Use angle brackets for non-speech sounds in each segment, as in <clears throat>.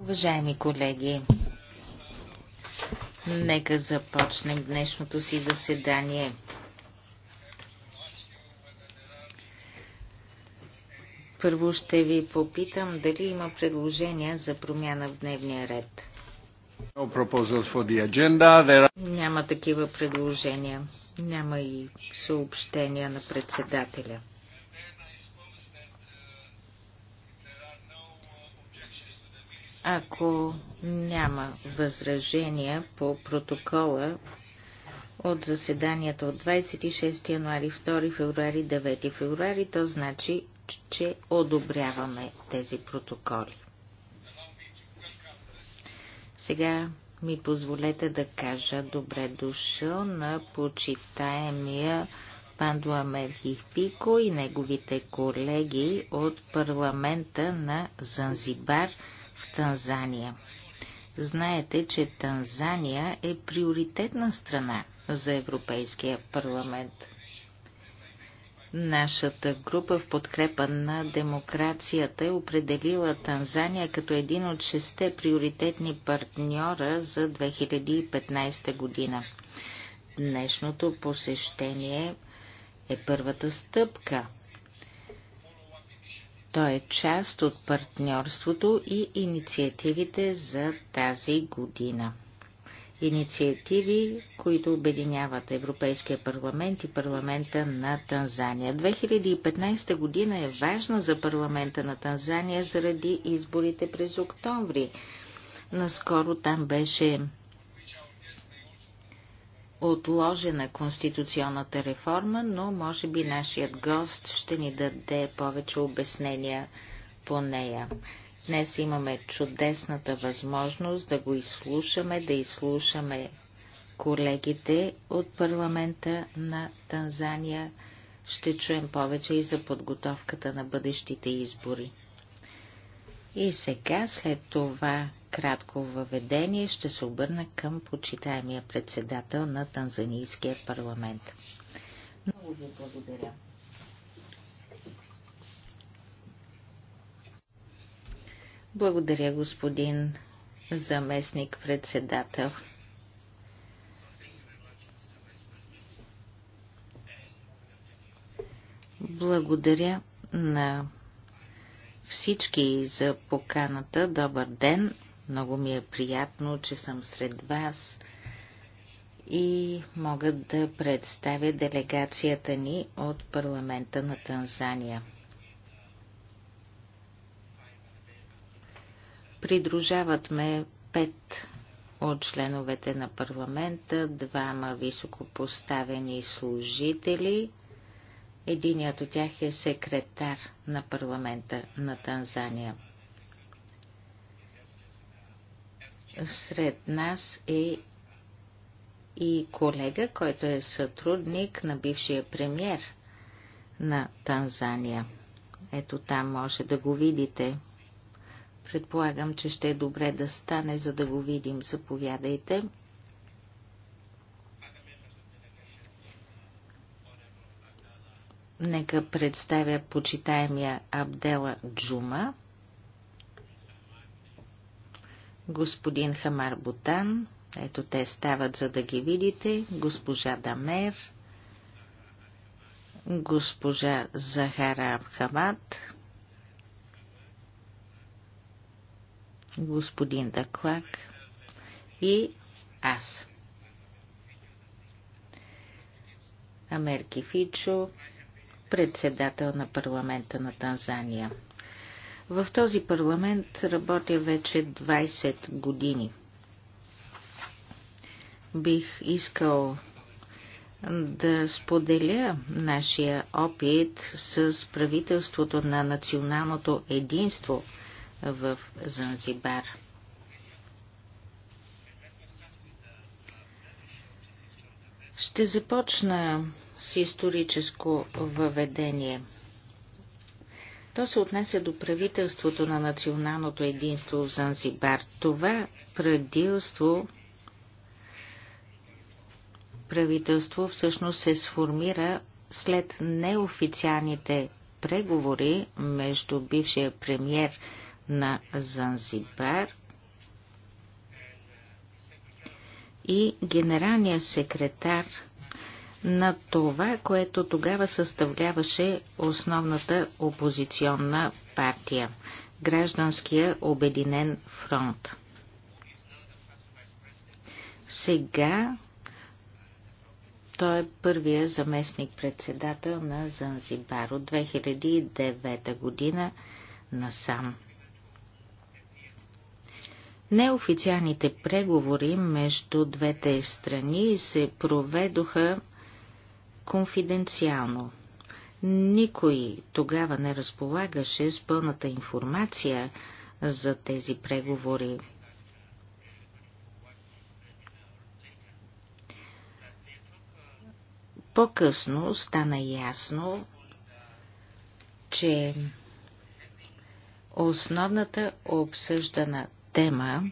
Уважаеми колеги, нека започнем днешното си заседание. Първо ще ви попитам дали има предложения за промяна в дневния ред. Няма такива предложения. Няма и съобщения на председателя. Ако няма възражения по протокола от заседанията от 26 януари, 2 февруари, 9 февруари, то значи, че одобряваме тези протоколи. Сега ми позволете да кажа добре дошъл на почитаемия Амер Хихпико и неговите колеги от парламента на Занзибар – в Танзания. Знаете, че Танзания е приоритетна страна за Европейския парламент. Нашата група в подкрепа на демокрацията е определила Танзания като един от шесте приоритетни партньора за 2015 година. Днешното посещение е първата стъпка той е част от партньорството и инициативите за тази година. Инициативи, които обединяват Европейския парламент и парламента на Танзания. 2015 година е важна за парламента на Танзания заради изборите през октомври. Наскоро там беше отложена конституционната реформа, но може би нашият гост ще ни даде повече обяснения по нея. Днес имаме чудесната възможност да го изслушаме, да изслушаме колегите от парламента на Танзания. Ще чуем повече и за подготовката на бъдещите избори. И сега, след това кратко въведение ще се обърна към почитаемия председател на Танзанийския парламент. Много ви благодаря. Благодаря, господин заместник председател. Благодаря на всички за поканата. Добър ден! Много ми е приятно, че съм сред вас и мога да представя делегацията ни от парламента на Танзания. Придружават ме пет от членовете на парламента, двама високопоставени служители. Единият от тях е секретар на парламента на Танзания. Сред нас е и колега, който е сътрудник на бившия премьер на Танзания. Ето там може да го видите. Предполагам, че ще е добре да стане, за да го видим. Заповядайте. Нека представя почитаемия Абдела Джума, господин Хамар Бутан, ето те стават, за да ги видите, госпожа Дамер, госпожа Захара Абхамат, господин Даклак и аз. Амерки Фичо, председател на парламента на Танзания. В този парламент работя вече 20 години. Бих искал да споделя нашия опит с правителството на националното единство в Занзибар. Ще започна с историческо въведение – то се отнесе до правителството на националното единство в Занзибар. Това правителство, правителство всъщност се сформира след неофициалните преговори между бившия премьер на Занзибар и генералния секретар на това, което тогава съставляваше основната опозиционна партия – Гражданския обединен фронт. Сега той е първия заместник-председател на Занзибар от 2009 година насам. Неофициалните преговори между двете страни се проведоха конфиденциално. Никой тогава не разполагаше с пълната информация за тези преговори. По-късно стана ясно, че основната обсъждана тема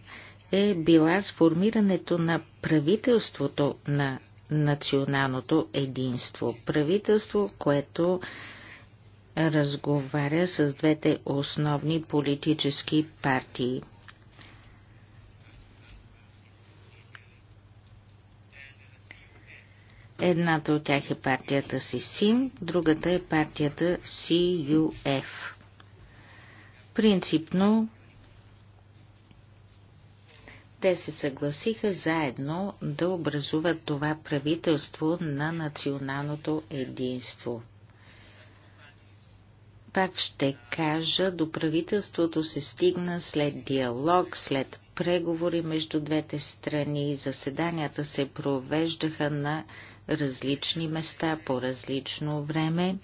е била сформирането на правителството на националното единство. Правителство, което разговаря с двете основни политически партии. Едната от тях е партията си СИМ, другата е партията СИЮФ. Принципно те се съгласиха заедно да образуват това правителство на националното единство. Пак ще кажа, до правителството се стигна след диалог, след преговори между двете страни. Заседанията се провеждаха на различни места по различно време.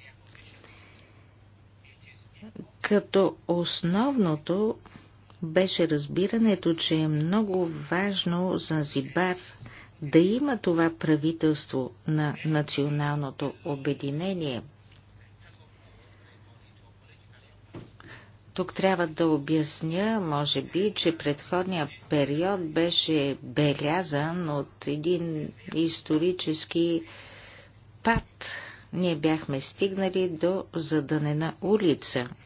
Като основното беше разбирането, че е много важно за Зибар да има това правителство на националното обединение. Тук трябва да обясня, може би, че предходният период беше белязан от един исторически пад. Ние бяхме стигнали до задънена улица –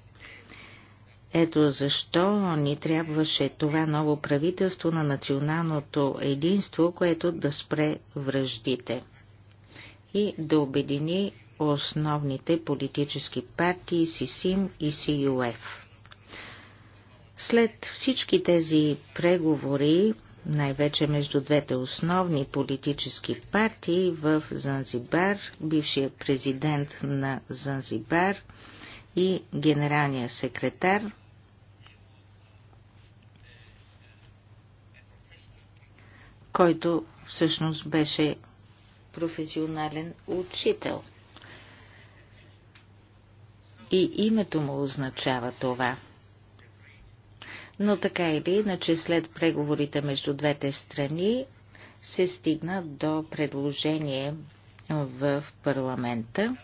ето защо ни трябваше това ново правителство на националното единство, което да спре връждите и да обедини основните политически партии СИСИМ и СИЮФ. След всички тези преговори, най-вече между двете основни политически партии в Занзибар, бившия президент на Занзибар и генералния секретар който всъщност беше професионален учител. И името му означава това. Но така или иначе, след преговорите между двете страни, се стигна до предложение в парламента.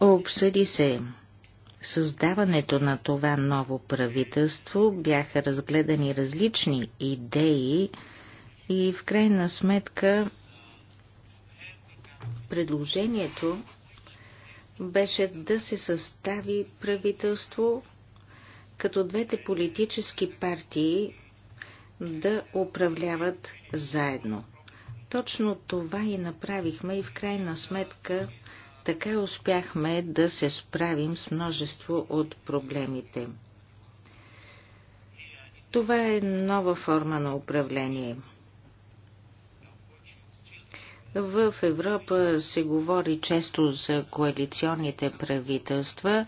Обсъди се създаването на това ново правителство бяха разгледани различни идеи и в крайна сметка предложението беше да се състави правителство, като двете политически партии да управляват заедно. Точно това и направихме и в крайна сметка така успяхме да се справим с множество от проблемите. Това е нова форма на управление. В Европа се говори често за коалиционните правителства,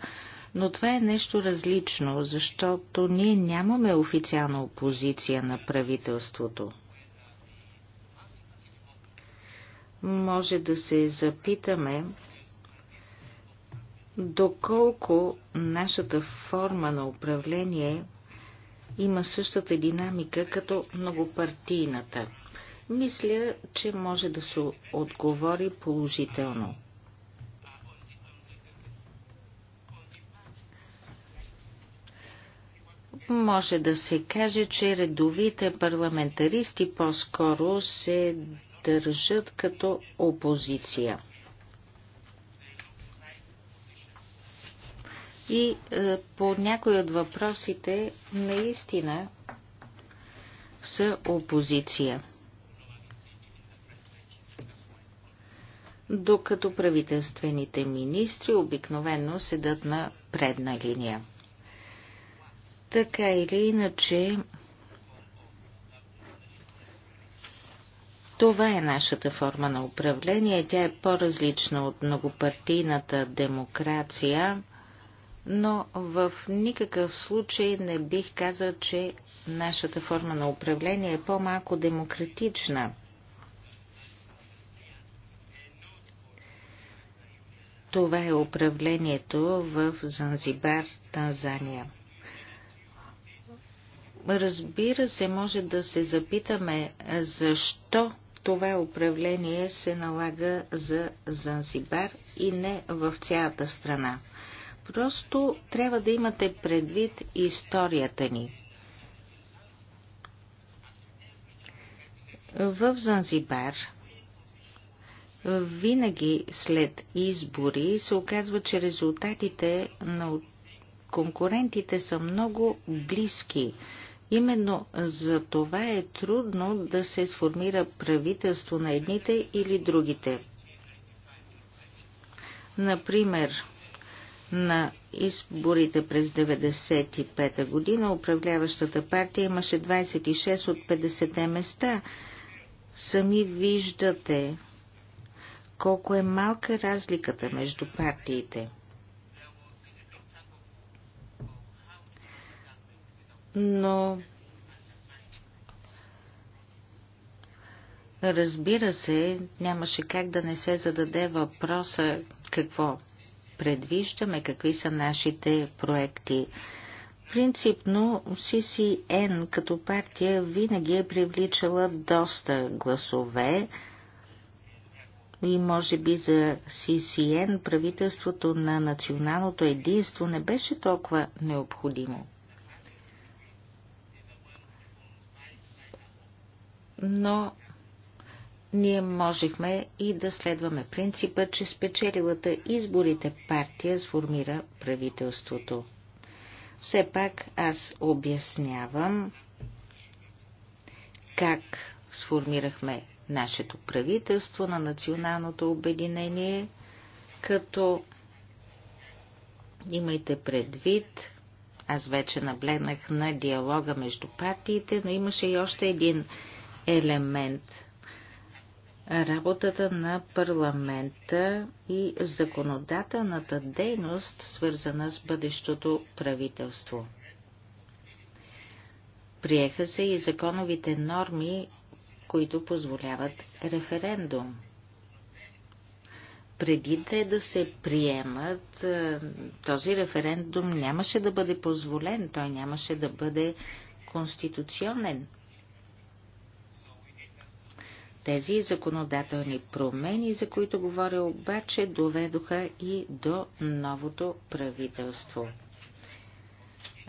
но това е нещо различно, защото ние нямаме официална опозиция на правителството. Може да се запитаме доколко нашата форма на управление има същата динамика като многопартийната. Мисля, че може да се отговори положително. Може да се каже, че редовите парламентаристи по-скоро се държат като опозиция. И е, по някои от въпросите наистина са опозиция. Докато правителствените министри обикновено седат на предна линия. Така или иначе, Това е нашата форма на управление. Тя е по-различна от многопартийната демокрация но в никакъв случай не бих казал, че нашата форма на управление е по-малко демократична. Това е управлението в Занзибар, Танзания. Разбира се, може да се запитаме защо това управление се налага за Занзибар и не в цялата страна. Просто трябва да имате предвид историята ни. В Занзибар винаги след избори се оказва, че резултатите на конкурентите са много близки. Именно за това е трудно да се сформира правителство на едните или другите. Например, на изборите през 1995 година управляващата партия имаше 26 от 50 места. Сами виждате колко е малка разликата между партиите. Но разбира се, нямаше как да не се зададе въпроса какво предвиждаме, какви са нашите проекти. Принципно CCN като партия винаги е привличала доста гласове и може би за CCN правителството на националното единство не беше толкова необходимо. Но ние можехме и да следваме принципа, че спечелилата изборите партия сформира правителството. Все пак аз обяснявам как сформирахме нашето правителство на националното обединение, като имайте предвид, аз вече наблегнах на диалога между партиите, но имаше и още един елемент – работата на парламента и законодателната дейност, свързана с бъдещото правителство. Приеха се и законовите норми, които позволяват референдум. Преди те да се приемат, е, този референдум нямаше да бъде позволен, той нямаше да бъде конституционен. Тези законодателни промени, за които говоря обаче, доведоха и до новото правителство.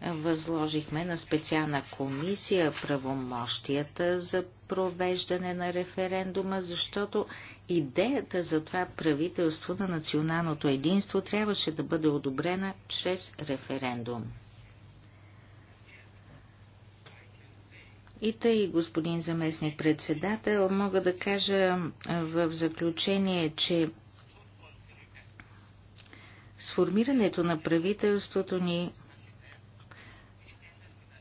Възложихме на специална комисия правомощията за провеждане на референдума, защото идеята за това правителство на националното единство трябваше да бъде одобрена чрез референдум. И тъй, господин заместник председател, мога да кажа в заключение, че сформирането на правителството ни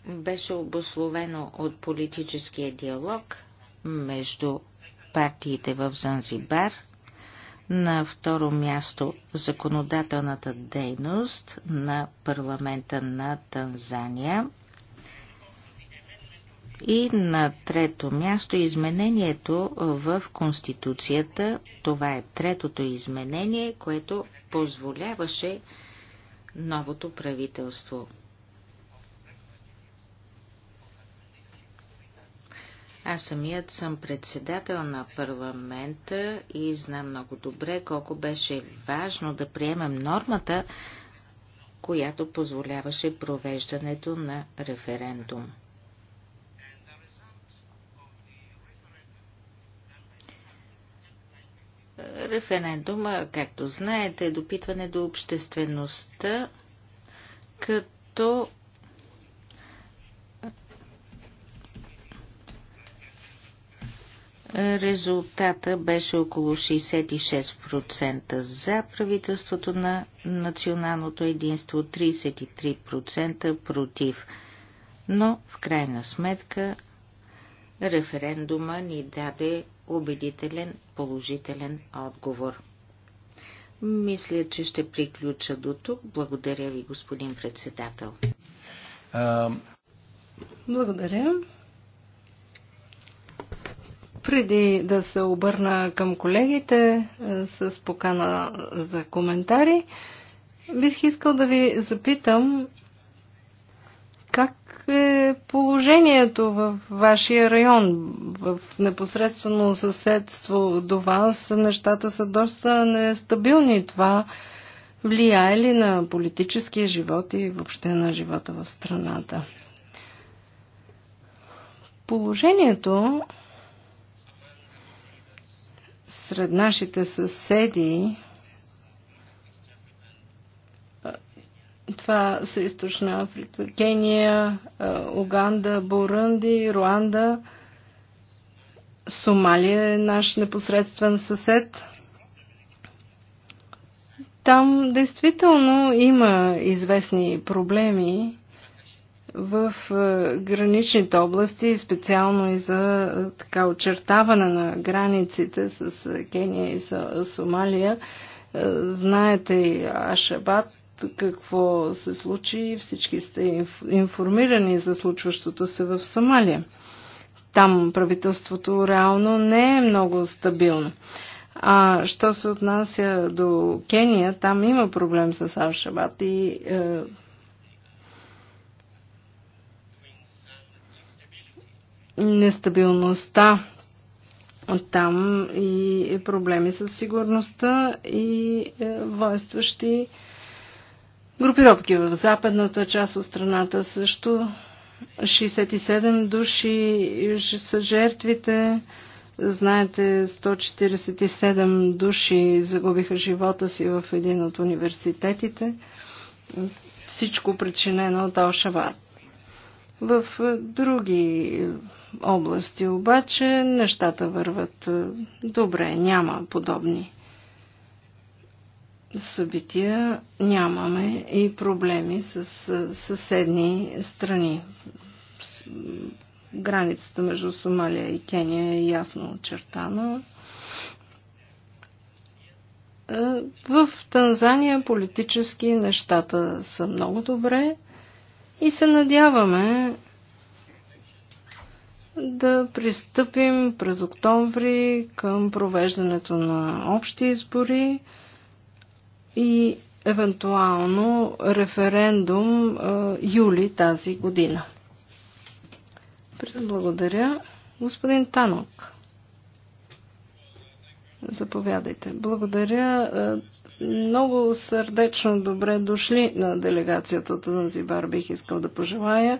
беше обословено от политическия диалог между партиите в Занзибар, на второ място законодателната дейност на парламента на Танзания – и на трето място е изменението в Конституцията. Това е третото изменение, което позволяваше новото правителство. Аз самият съм председател на парламента и знам много добре колко беше важно да приемем нормата, която позволяваше провеждането на референдум. Референдума, както знаете, е допитване до обществеността, като Резултата беше около 66% за правителството на националното единство, 33% против. Но в крайна сметка референдума ни даде убедителен положителен отговор. Мисля, че ще приключа до тук. Благодаря ви, господин председател. А... Благодаря. Преди да се обърна към колегите е, с покана за коментари, бих искал да ви запитам как как е положението в вашия район, в непосредствено съседство до вас. Нещата са доста нестабилни. Това влияе ли на политическия живот и въобще на живота в страната? Положението сред нашите съседи Това са Източна Африка, Кения, е, Уганда, Бурунди, Руанда. Сомалия е наш непосредствен съсед. Там действително има известни проблеми в е, граничните области, специално и за е, така очертаване на границите с Кения и с Сомалия. Знаете и Ашабад, какво се случи. Всички сте информирани за случващото се в Сомалия. Там правителството реално не е много стабилно. А що се отнася до Кения, там има проблем с Алшабат и е, нестабилността там и проблеми с сигурността и е, войстващи е, Групировки в западната част от страната също. 67 души са жертвите. Знаете, 147 души загубиха живота си в един от университетите. Всичко причинено от Алшават. В други области обаче нещата върват е, добре, няма подобни събития нямаме и проблеми с съседни страни. Границата между Сомалия и Кения е ясно очертана. Е, в Танзания политически нещата са много добре и се надяваме да пристъпим през октомври към провеждането на общи избори и евентуално референдум юли тази година. Благодаря. Господин Танок. Заповядайте. Благодаря. Много сърдечно добре дошли на делегацията от Занзибар. Бих искал да пожелая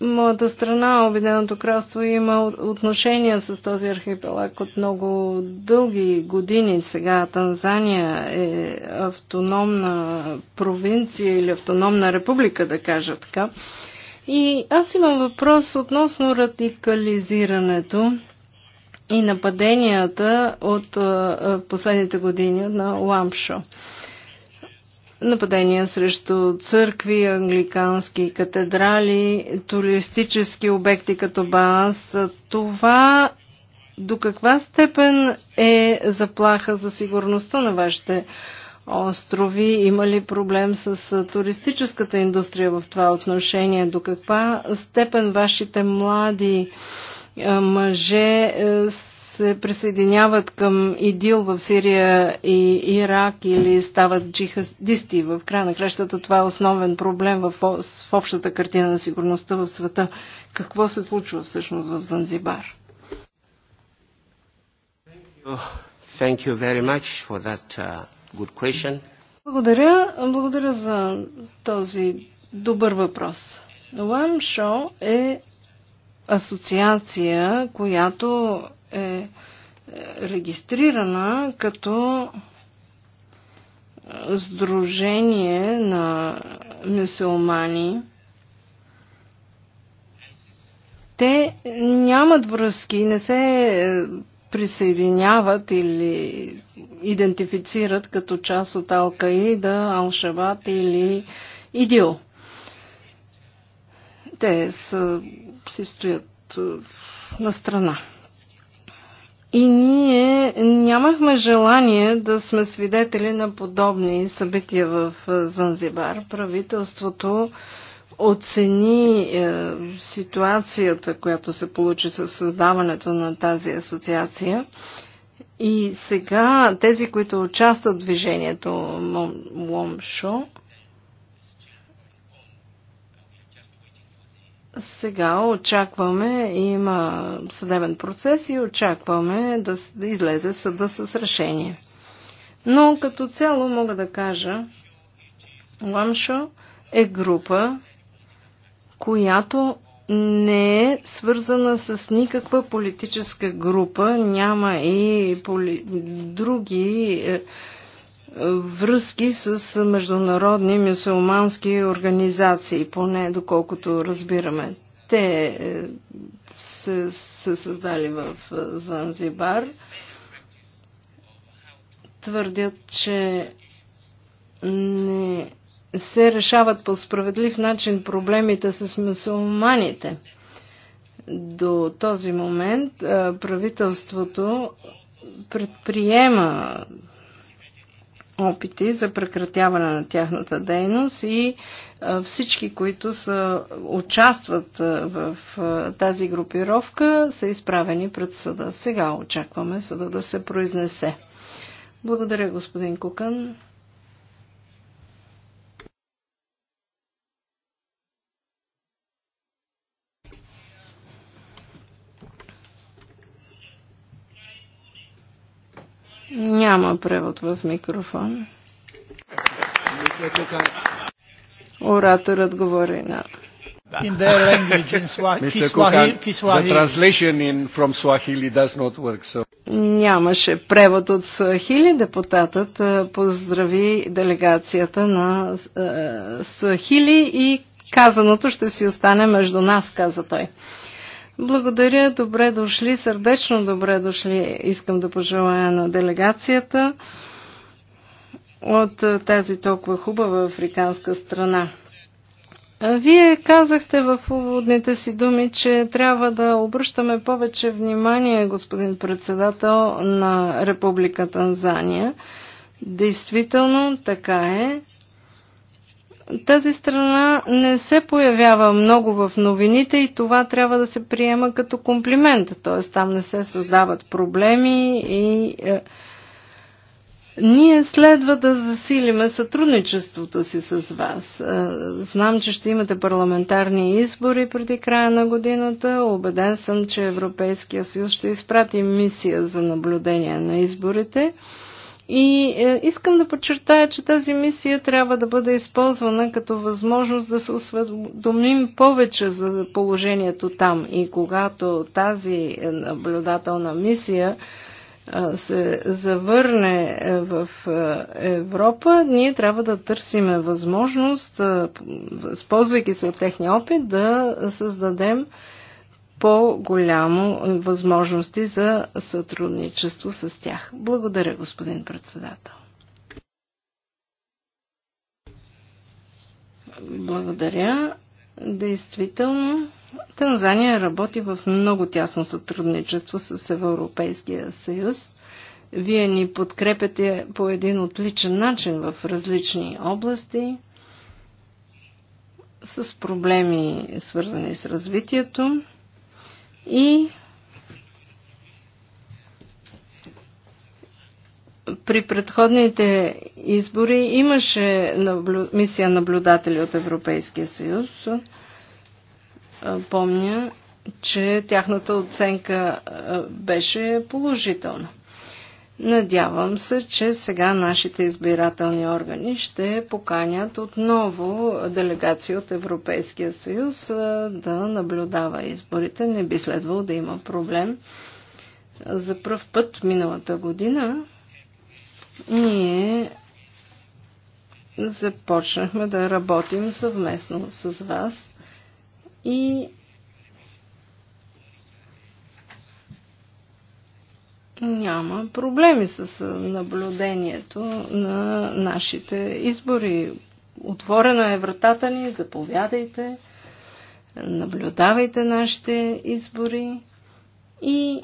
моята страна, Обединеното кралство, има отношения с този архипелаг от много дълги години. Сега Танзания е автономна провинция или автономна република, да кажа така. И аз имам въпрос относно радикализирането и нападенията от последните години на Лампшо нападения срещу църкви, англикански катедрали, туристически обекти като Баас. Това до каква степен е заплаха за сигурността на вашите острови? Има ли проблем с туристическата индустрия в това отношение? До каква степен вашите млади мъже е, се присъединяват към ИДИЛ в Сирия и Ирак или стават джихадисти. В края на кращата това е основен проблем в, в общата картина на сигурността в света. Какво се случва всъщност в Занзибар? Thank you very much for that uh, good question. Благодаря. Благодаря за този добър въпрос. Ламшо е асоциация, която е, е регистрирана като Сдружение на мюсюлмани. Те нямат връзки, не се е, присъединяват или идентифицират като част от Алкаида, Алшабат или Идил. Те са, си стоят е, на страна. И ние нямахме желание да сме свидетели на подобни събития в е, Занзибар. Правителството оцени е, ситуацията, която се получи със създаването на тази асоциация. И сега тези, които участват в движението Момшо, Мом Сега очакваме, има съдебен процес и очакваме да, да излезе съда с решение. Но като цяло мога да кажа, Ламшо е група, която не е свързана с никаква политическа група, няма и поли... други е, връзки с международни мюсулмански организации, поне доколкото разбираме. Те е, се, се създали в е, Занзибар. Твърдят, че не се решават по справедлив начин проблемите с мусулманите. До този момент е, правителството предприема опити за прекратяване на тяхната дейност и всички, които са, участват в тази групировка, са изправени пред съда. Сега очакваме съда да се произнесе. Благодаря, господин Кукан. Няма превод в микрофон. Ораторът говори на... In their language, in Swahili, Kiswahili. The translation in, from Swahili does not work, so... Нямаше превод от Суахили. Депутатът поздрави делегацията на Суахили и казаното ще си остане между нас, каза той. Благодаря, добре дошли, сърдечно добре дошли. Искам да пожелая на делегацията от тази толкова хубава африканска страна. Вие казахте в уводните си думи, че трябва да обръщаме повече внимание, господин председател, на Република Танзания. Действително така е тази страна не се появява много в новините и това трябва да се приема като комплимент. Т.е. там не се създават проблеми и е, ние следва да засилиме сътрудничеството си с вас. Е, знам, че ще имате парламентарни избори преди края на годината. Обеден съм, че Европейския съюз ще изпрати мисия за наблюдение на изборите. И е, искам да подчертая, че тази мисия трябва да бъде използвана като възможност да се осведомим повече за положението там. И когато тази е, наблюдателна мисия е, се завърне е, в Европа, ние трябва да търсиме възможност, използвайки се от техния опит, да създадем по-голямо възможности за сътрудничество с тях. Благодаря, господин председател. Благодаря. Действително, Танзания работи в много тясно сътрудничество с Европейския съюз. Вие ни подкрепяте по един отличен начин в различни области с проблеми, свързани с развитието и при предходните избори имаше наблю... мисия наблюдатели от Европейския съюз. Помня, че тяхната оценка беше положителна. Надявам се, че сега нашите избирателни органи ще поканят отново делегация от Европейския съюз да наблюдава изборите. Не би следвало да има проблем. За пръв път миналата година ние започнахме да работим съвместно с вас и няма проблеми с наблюдението на нашите избори. Отворена е вратата ни, заповядайте, наблюдавайте нашите избори и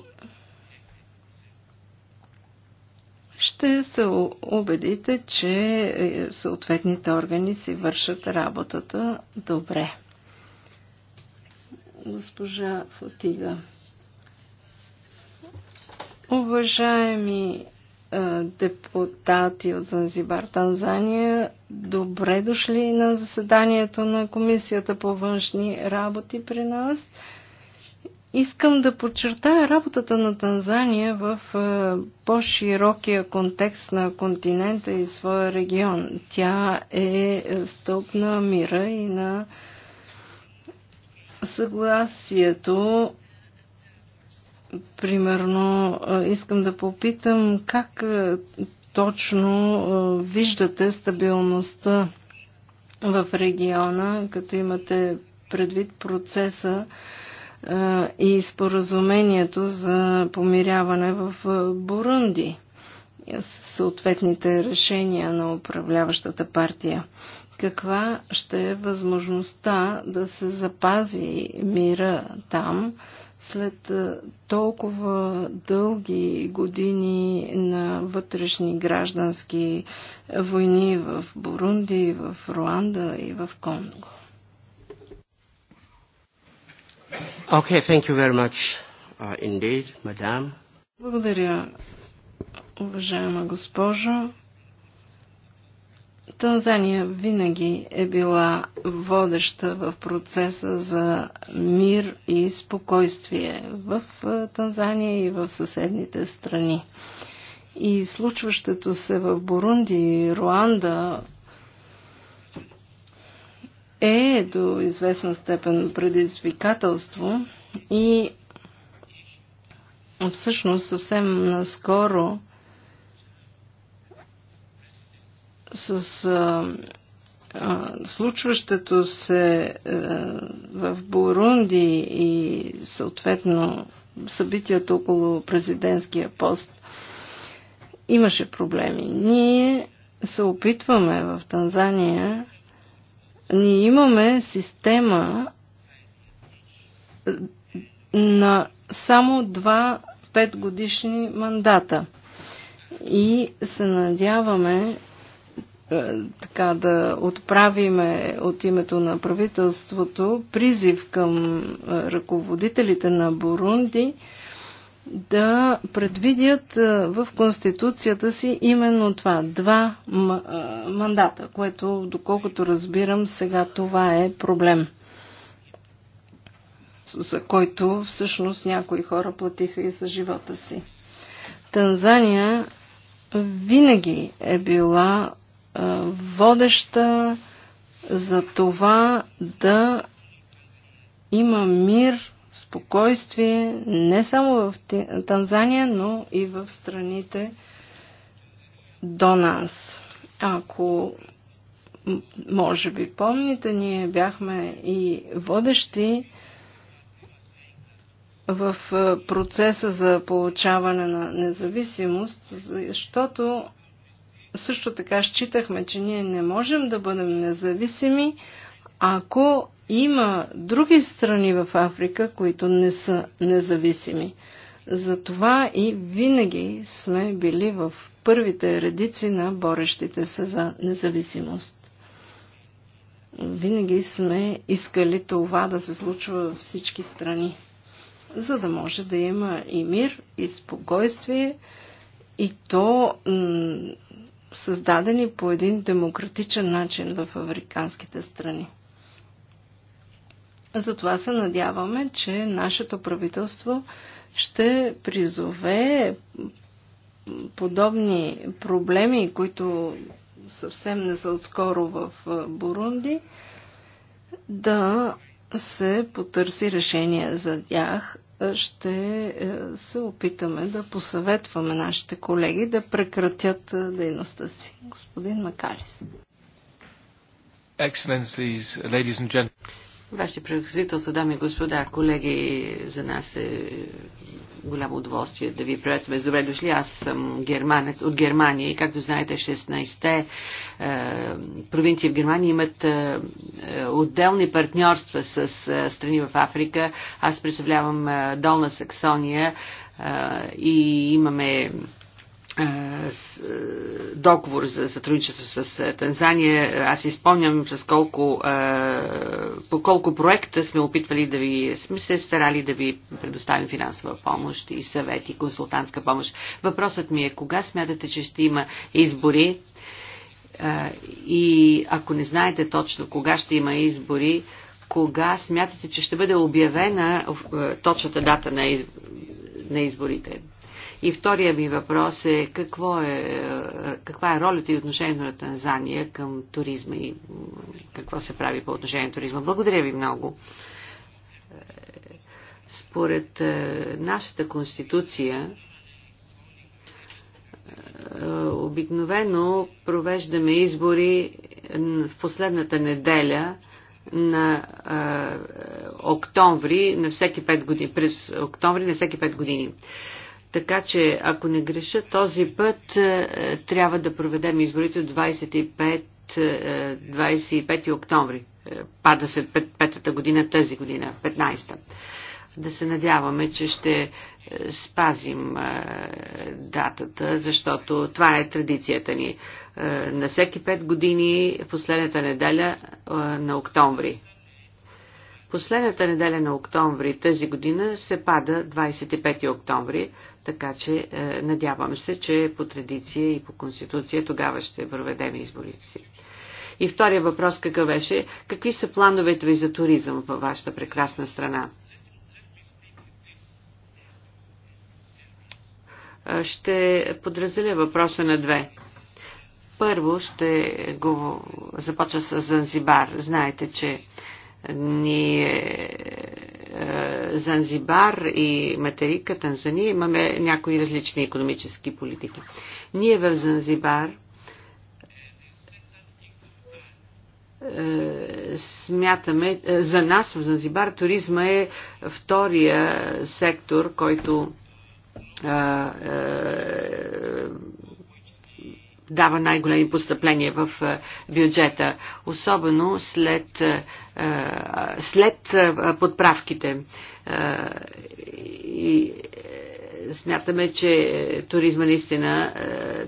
ще се убедите, че е, съответните органи си вършат работата добре. Госпожа Фотига. Уважаеми е, депутати от Занзибар, Танзания, добре дошли на заседанието на Комисията по външни работи при нас. Искам да подчертая работата на Танзания в е, по-широкия контекст на континента и своя регион. Тя е стълб на мира и на съгласието Примерно, искам да попитам как точно виждате стабилността в региона, като имате предвид процеса и споразумението за помиряване в Бурунди с съответните решения на управляващата партия. Каква ще е възможността да се запази мира там, след толкова дълги години на вътрешни граждански войни в Бурунди, в Руанда и в Конго. Okay, thank you very much uh, indeed, madam. Благодаря, уважаема госпожа. Танзания винаги е била водеща в процеса за мир и спокойствие в Танзания и в съседните страни. И случващото се в Бурунди и Руанда е до известна степен предизвикателство и всъщност съвсем наскоро с а, а, случващото се а, в Бурунди и съответно събитията около президентския пост, имаше проблеми. Ние се опитваме в Танзания, ние имаме система на само два пет годишни мандата. И се надяваме, е, така да отправиме от името на правителството призив към е, ръководителите на Бурунди да предвидят е, в Конституцията си именно това два мандата, което, доколкото разбирам, сега това е проблем, за който всъщност някои хора платиха и за живота си. Танзания винаги е била водеща за това да има мир, спокойствие не само в Танзания, но и в страните до нас. Ако може би помните, ние бяхме и водещи в процеса за получаване на независимост, защото също така считахме, че ние не можем да бъдем независими, ако има други страни в Африка, които не са независими. Затова и винаги сме били в първите редици на борещите се за независимост. Винаги сме искали това да се случва във всички страни, за да може да има и мир, и спокойствие, и то създадени по един демократичен начин в африканските страни. Затова се надяваме, че нашето правителство ще призове подобни проблеми, които съвсем не са отскоро в Бурунди, да се потърси решение за тях, ще е, се опитаме да посъветваме нашите колеги да прекратят е, дейността си. Господин Макалис. Ваше превъзителство, дами и господа, колеги, за нас е голямо удоволствие да ви приветстваме. Добре дошли. Аз съм германец от Германия и както знаете 16-те е, провинции в Германия имат е, е, отделни партньорства с е, страни в Африка. Аз представлявам е, Долна Саксония е, и имаме договор за сътрудничество с Танзания. Аз изпомням с колко, по колко проекта сме опитвали да ви, сме се старали да ви предоставим финансова помощ и съвет и консултантска помощ. Въпросът ми е, кога смятате, че ще има избори? И ако не знаете точно кога ще има избори, кога смятате, че ще бъде обявена точната дата на изборите? И втория ми въпрос е, какво е каква е ролята и отношението на Танзания към туризма и какво се прави по отношение на туризма. Благодаря ви много. Според е, нашата конституция, е, обикновено провеждаме избори в последната неделя на е, октомври на всеки 5 години, през октомври на всеки 5 години. Така че, ако не греша, този път е, трябва да проведем изборите 25, е, 25 октомври. Е, пада се петата година тази година, 15-та. Да се надяваме, че ще е, спазим е, датата, защото това е традицията ни. Е, на всеки 5 години, последната неделя на октомври. Последната неделя на октомври тази година се пада 25 октомври, така че е, надявам се, че по традиция и по конституция тогава ще проведем изборите си. И втория въпрос какъв беше? Какви са плановете ви за туризъм във вашата прекрасна страна? Е, ще подразделя въпроса на две. Първо ще го започна с Занзибар. Знаете, че ни е, Занзибар и материка Танзания имаме някои различни економически политики. Ние в Занзибар е, смятаме, е, за нас в Занзибар туризма е втория сектор, който дава най-големи постъпления в е, бюджета, особено след, е, е, след подправките. И смятаме, че туризма наистина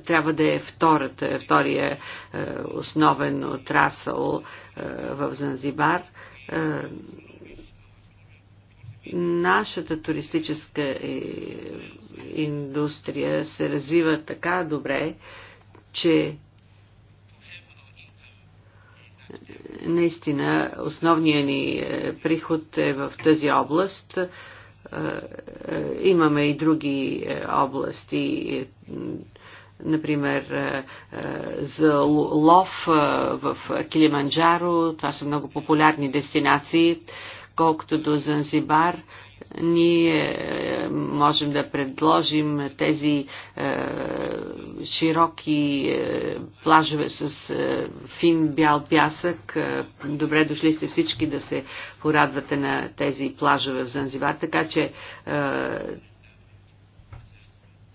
трябва да е втората, втория основен отрасъл в Занзибар нашата туристическа индустрия се развива така добре, че наистина основният ни е, приход е в тази област. Е, е, имаме и други области, например за лов в Килиманджаро. Това са много популярни дестинации, колкото до Занзибар – ние е, можем да предложим тези е, широки е, плажове с фин бял пясък. Добре дошли сте всички да се порадвате на тези плажове в Занзибар, така че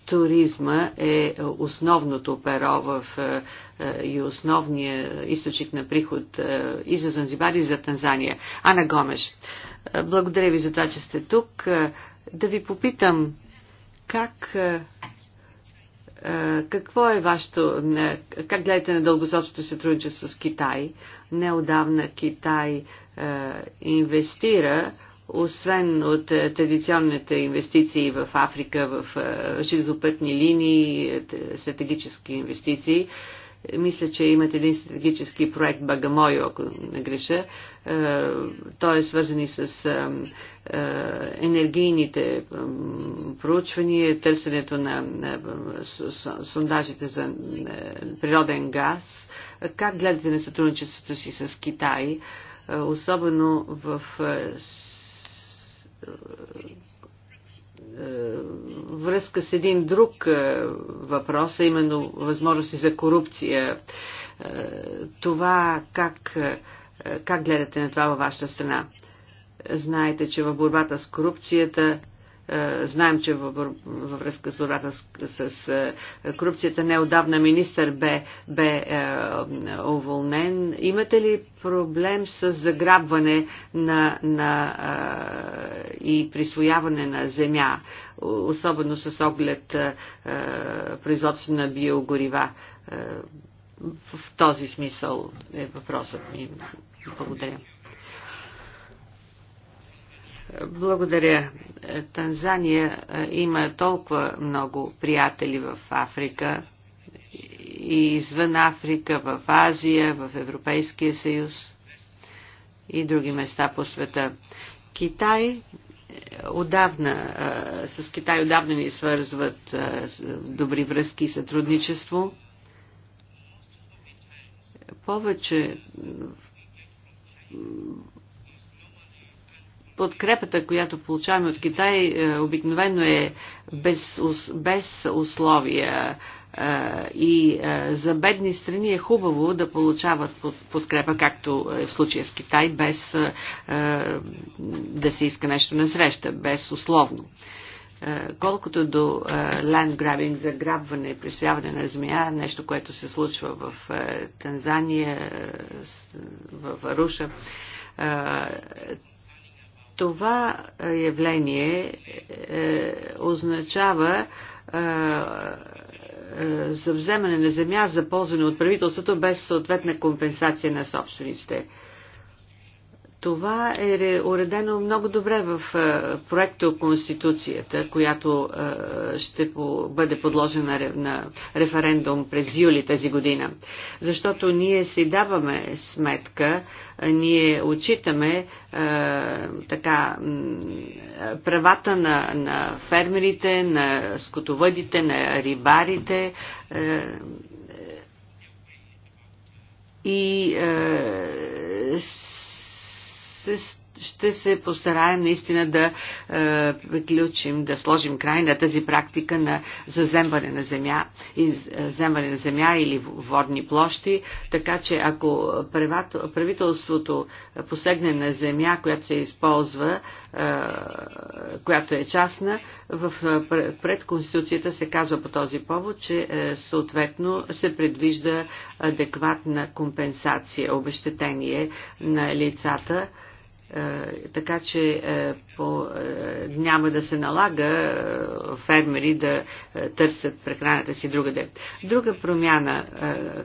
туризма е основното перо в, е, е, и основния източник на приход е, и за Занзибар, и за Танзания. Ана Гомеш, благодаря ви за това, че сте тук. Да ви попитам как какво е вашето, как гледате на дългосрочното сътрудничество с Китай? Неодавна Китай инвестира освен от е, традиционните инвестиции в Африка, в е, железопътни линии, е, стратегически инвестиции, мисля, че имат един стратегически проект Багамойо, ако не греша. Той е свързан и с енергийните проучвания, търсенето на сондажите за природен газ. Как гледате на сътрудничеството си с Китай, особено в е, е, връзка с един друг е, въпрос, а именно възможности за корупция. Това как, как гледате на това във вашата страна? Знаете, че в борбата с корупцията е, знаем, че във връзка с дората с, с е, корупцията неодавна министър бе, бе е, уволнен. Имате ли проблем с заграбване на, на, е, и присвояване на земя, особено с оглед е, е производство на биогорива? Е, в този смисъл е въпросът ми. Благодаря. Благодаря. Танзания има толкова много приятели в Африка и извън Африка, в Азия, в Европейския съюз и други места по света. Китай отдавна, с Китай отдавна ни свързват добри връзки и сътрудничество. Повече подкрепата, която получаваме от Китай, е, обикновено е без, без условия е, и е, за бедни страни е хубаво да получават подкрепа, както е в случая с Китай, без да се иска нещо на среща, без условно. Колкото до land grabbing, заграбване, присвяване на змия, нещо, което се случва в Танзания, в Аруша, това явление е, означава е, е, за вземане на земя за ползване от правителството без съответна компенсация на собствениците. Това е уредено много добре в е, проекта Конституцията, която е, ще бъде подложена на референдум през юли тази година. Защото ние си даваме сметка, е, ние отчитаме така, правата на, на фермерите, на скотовъдите, на рибарите и се, ще се постараем наистина да е, приключим, да сложим край на тази практика на заземване на земя, изземване е, на земя или водни площи, така че ако правителството посегне на земя, която се използва, е, която е частна, в, е, пред Конституцията се казва по този повод, че е, съответно се предвижда адекватна компенсация, обещетение на лицата, е, така че е, по, е, няма да се налага фермери да търсят прехраната си другаде. Друга промяна,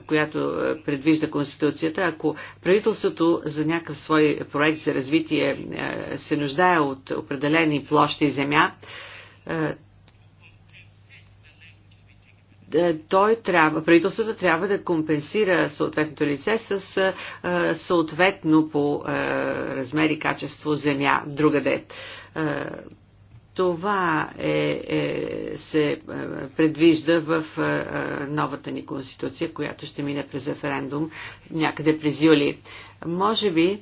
която предвижда Конституцията, ако правителството за някакъв свой проект за развитие се нуждае от определени площи земя, е, той трябва, правителството трябва да компенсира съответното лице с е, съответно по е, размери и качество земя другаде. Това е, е, се предвижда в е, новата ни конституция, която ще мине през референдум някъде през юли. Може би, е,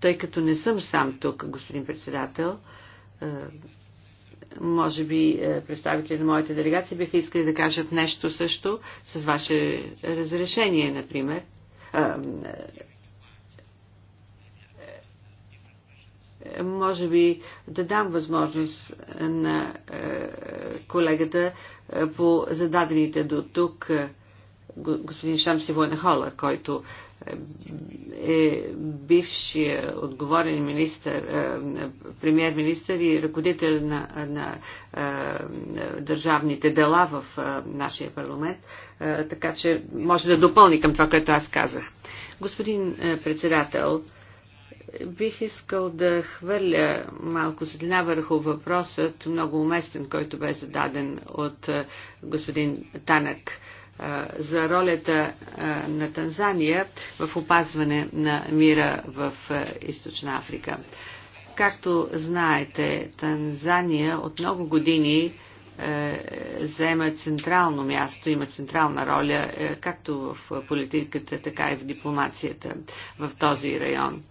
тъй като не съм сам тук, господин председател, е, може би е, представители на моите делегации биха искали да кажат нещо също с ваше разрешение, например. Е, може би да дам възможност на е, колегата по зададените до тук господин Шамси Войнахола, който е, е бившия отговорен министър, е, премьер-министър и ръководител на, на, е, държавните дела в нашия парламент, така че може да допълни към това, което аз казах. Господин председател, бих искал да хвърля малко светлина върху въпросът, много уместен, който бе зададен от господин Танък за ролята на Танзания в опазване на мира в Източна Африка. Както знаете, Танзания от много години заема централно място, има централна роля, както в политиката, така и в дипломацията в този район.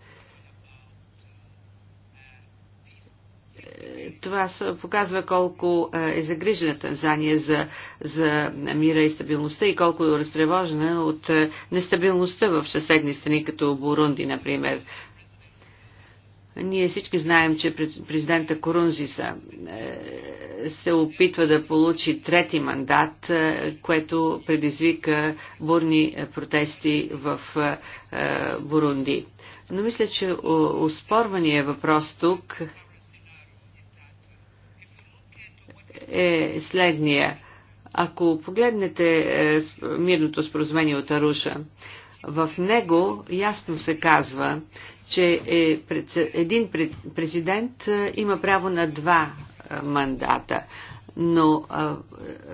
това показва колко е, е загрижена Танзания за, за мира и стабилността и колко е разтревожена от е, нестабилността в съседни страни, като Бурунди, например. Ние всички знаем, че президента Корунзиса е, се опитва да получи трети мандат, което предизвика бурни протести в Бурунди. Но мисля, че оспорвания въпрос тук е следния. Ако погледнете е, мирното споразумение от Аруша, в него ясно се казва, че е, един президент е, има право на два е, мандата. Но а, е,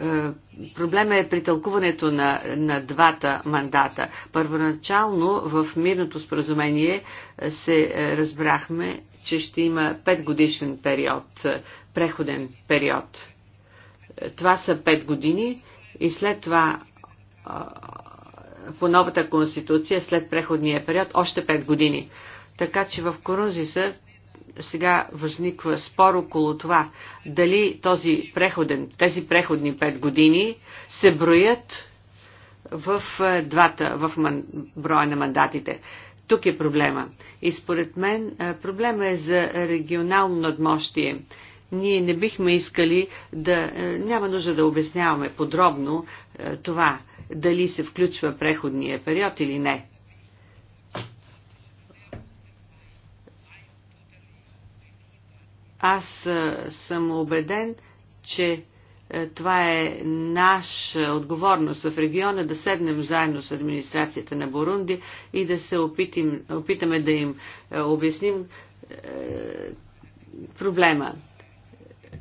а, е, проблема е при тълкуването на, на двата мандата. Първоначално в мирното споразумение е, се разбрахме, че ще има петгодишен период, преходен период това са 5 години и след това по новата конституция, след преходния период, още 5 години. Така че в Корунзиса сега възниква спор около това, дали този преходен, тези преходни 5 години се броят в двата, в ман, броя на мандатите. Тук е проблема. И според мен проблема е за регионално надмощие. Ние не бихме искали да... Е, няма нужда да обясняваме подробно е, това, дали се включва преходния период или не. Аз е, съм убеден, че това е наша отговорност в региона да седнем заедно с администрацията на Бурунди и да се опитим, опитаме да им обясним проблема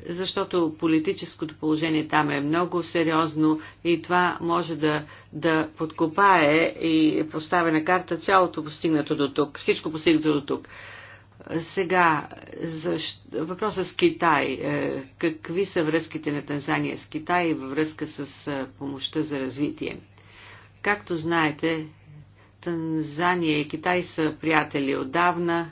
защото политическото положение там е много сериозно и това може да, да подкопае и поставя на карта цялото постигнато до тук, всичко постигнато до тук. Сега, защ... с Китай. Е, какви са връзките на Танзания с Китай във връзка с е, помощта за развитие? Както знаете, Танзания и Китай са приятели отдавна.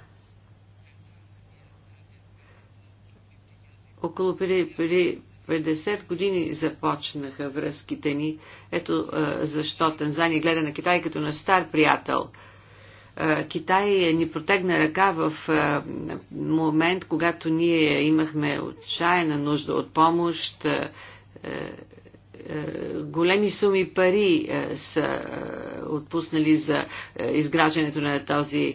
Около преди 50 години започнаха връзките ни. Ето защо Танзания гледа на Китай като на стар приятел. Китай ни протегна ръка в момент, когато ние имахме отчаяна нужда от помощ е, големи суми пари е, са е, отпуснали за изграждането на този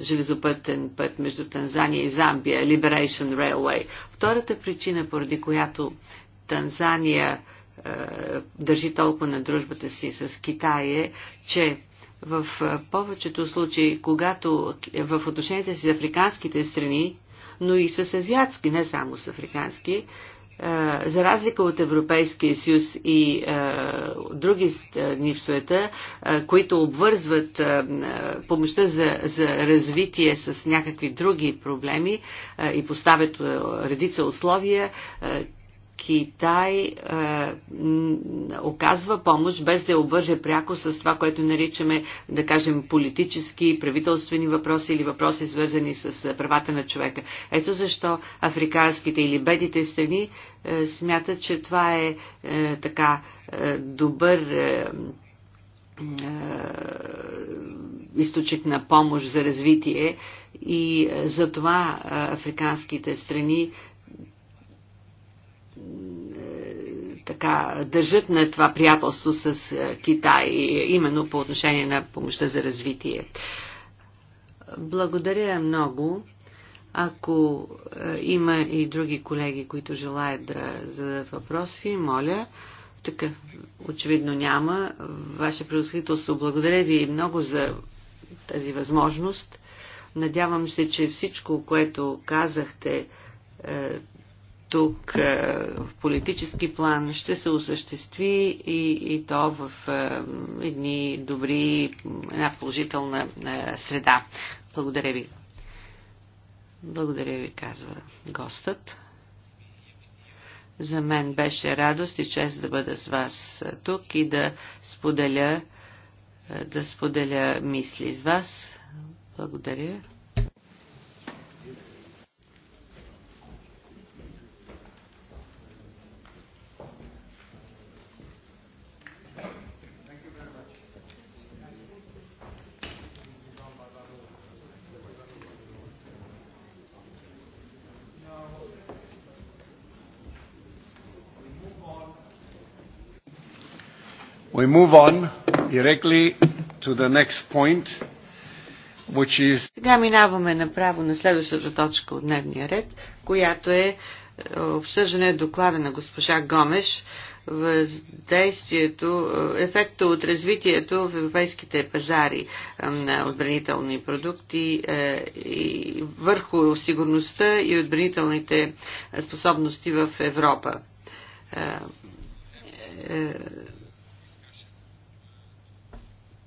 железопътен път между Танзания и Замбия, Liberation Railway. Втората причина, поради която Танзания държи толкова на дружбата си с Китай е, че в повечето случаи, когато в отношенията си с африканските страни, но и с азиатски, не само с африкански, за разлика от Европейския съюз и други страни в света, които обвързват помощта за, за развитие с някакви други проблеми и поставят редица условия, Китай е, оказва помощ без да я обърже пряко с това, което наричаме, да кажем, политически, правителствени въпроси или въпроси свързани с е, правата на човека. Ето защо африканските или бедите страни е, смятат, че това е, е така е, добър. Е, е източник на помощ за развитие и е, затова африканските страни е, така държат на това приятелство с е, Китай, именно по отношение на помощта за развитие. Благодаря много. Ако е, има и други колеги, които желаят да зададат въпроси, моля. Така, очевидно няма. Ваше превъзходителство, благодаря ви много за тази възможност. Надявам се, че всичко, което казахте, тук е, в политически план ще се осъществи и, и то в е, едни добри, една положителна е, среда. Благодаря ви. Благодаря ви, казва гостът. За мен беше радост и чест да бъда с вас тук и да споделя, да споделя мисли с вас. Благодаря. We move on directly to the next point, which is... Сега минаваме направо на следващата точка от дневния ред, която е, е обсъждане доклада на госпожа Гомеш въздействието, е, ефекта от развитието в европейските пазари е, на отбранителни продукти и върху сигурността и отбранителните способности в Европа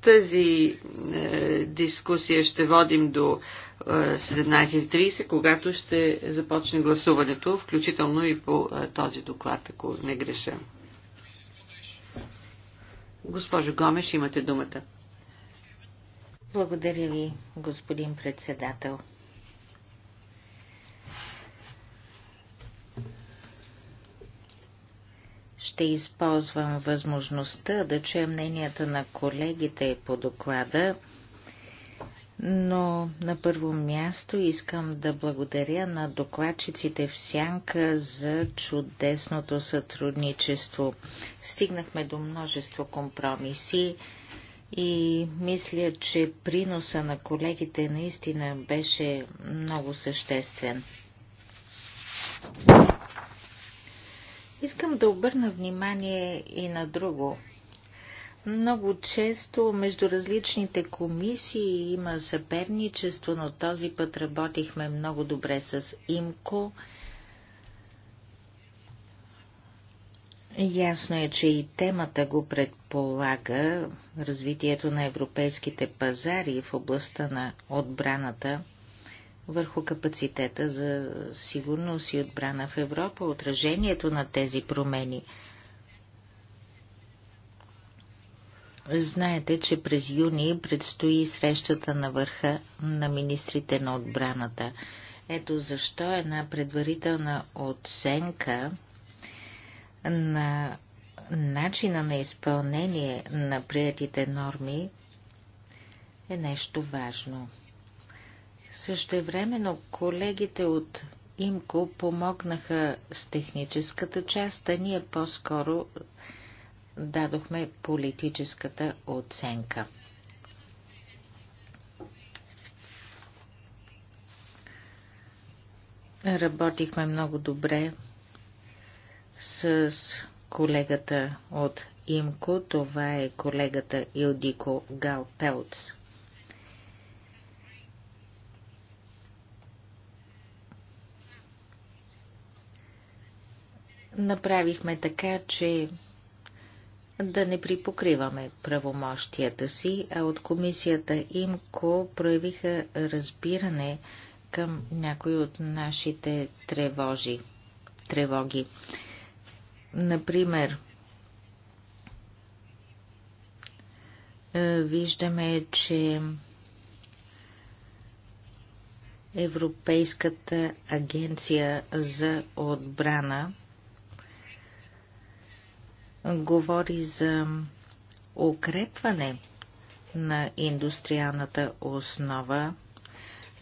тази е, дискусия ще водим до е, 17.30, когато ще започне гласуването, включително и по е, този доклад, ако не греша. Госпожо Гомеш, имате думата. Благодаря ви, господин председател. Ще използвам възможността да чуя мненията на колегите по доклада, но на първо място искам да благодаря на докладчиците в Сянка за чудесното сътрудничество. Стигнахме до множество компромиси и мисля, че приноса на колегите наистина беше много съществен. Искам да обърна внимание и на друго. Много често между различните комисии има съперничество, но този път работихме много добре с ИМКО. Ясно е, че и темата го предполага развитието на европейските пазари в областта на отбраната – върху капацитета за сигурност и отбрана в Европа, отражението на тези промени. Знаете, че през юни предстои срещата на върха на министрите на отбраната. Ето защо една предварителна оценка на начина на изпълнение на приятите норми е нещо важно. Същевременно колегите от Имко помогнаха с техническата част, а ние по-скоро дадохме политическата оценка. Работихме много добре с колегата от Имко, това е колегата Илдико Галпелц. Направихме така, че да не припокриваме правомощията си, а от комисията ИМКО проявиха разбиране към някои от нашите тревожи, тревоги. Например, е, виждаме, че Европейската агенция за отбрана – говори за укрепване на индустриалната основа.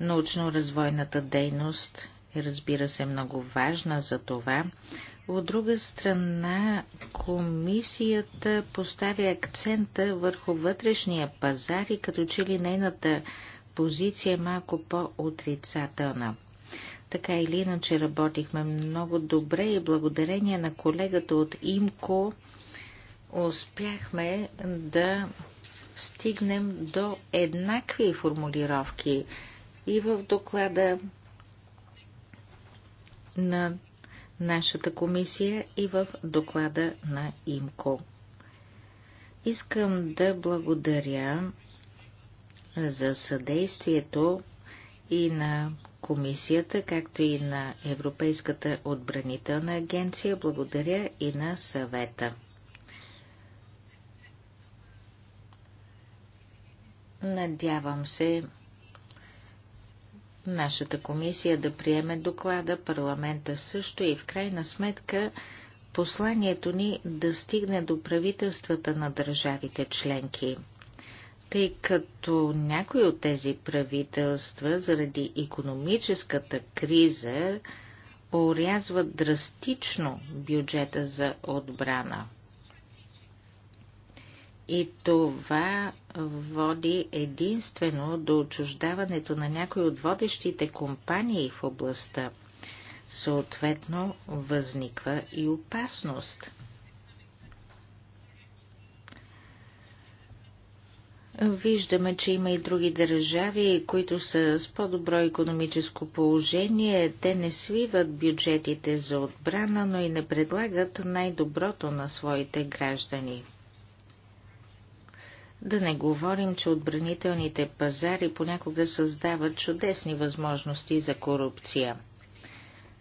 Научно-развойната дейност е, разбира се, много важна за това. От друга страна, комисията поставя акцента върху вътрешния пазар и като че ли нейната позиция е малко по-отрицателна. Така или иначе работихме много добре и благодарение на колегата от ИМКО успяхме да стигнем до еднакви формулировки и в доклада на нашата комисия и в доклада на ИМКО. Искам да благодаря за съдействието и на комисията, както и на Европейската отбранителна агенция. Благодаря и на съвета. Надявам се нашата комисия да приеме доклада, парламента също и в крайна сметка посланието ни да стигне до правителствата на държавите членки тъй като някои от тези правителства заради економическата криза орязват драстично бюджета за отбрана. И това води единствено до отчуждаването на някои от водещите компании в областта. Съответно, възниква и опасност – Виждаме, че има и други държави, които са с по-добро економическо положение. Те не свиват бюджетите за отбрана, но и не предлагат най-доброто на своите граждани. Да не говорим, че отбранителните пазари понякога създават чудесни възможности за корупция.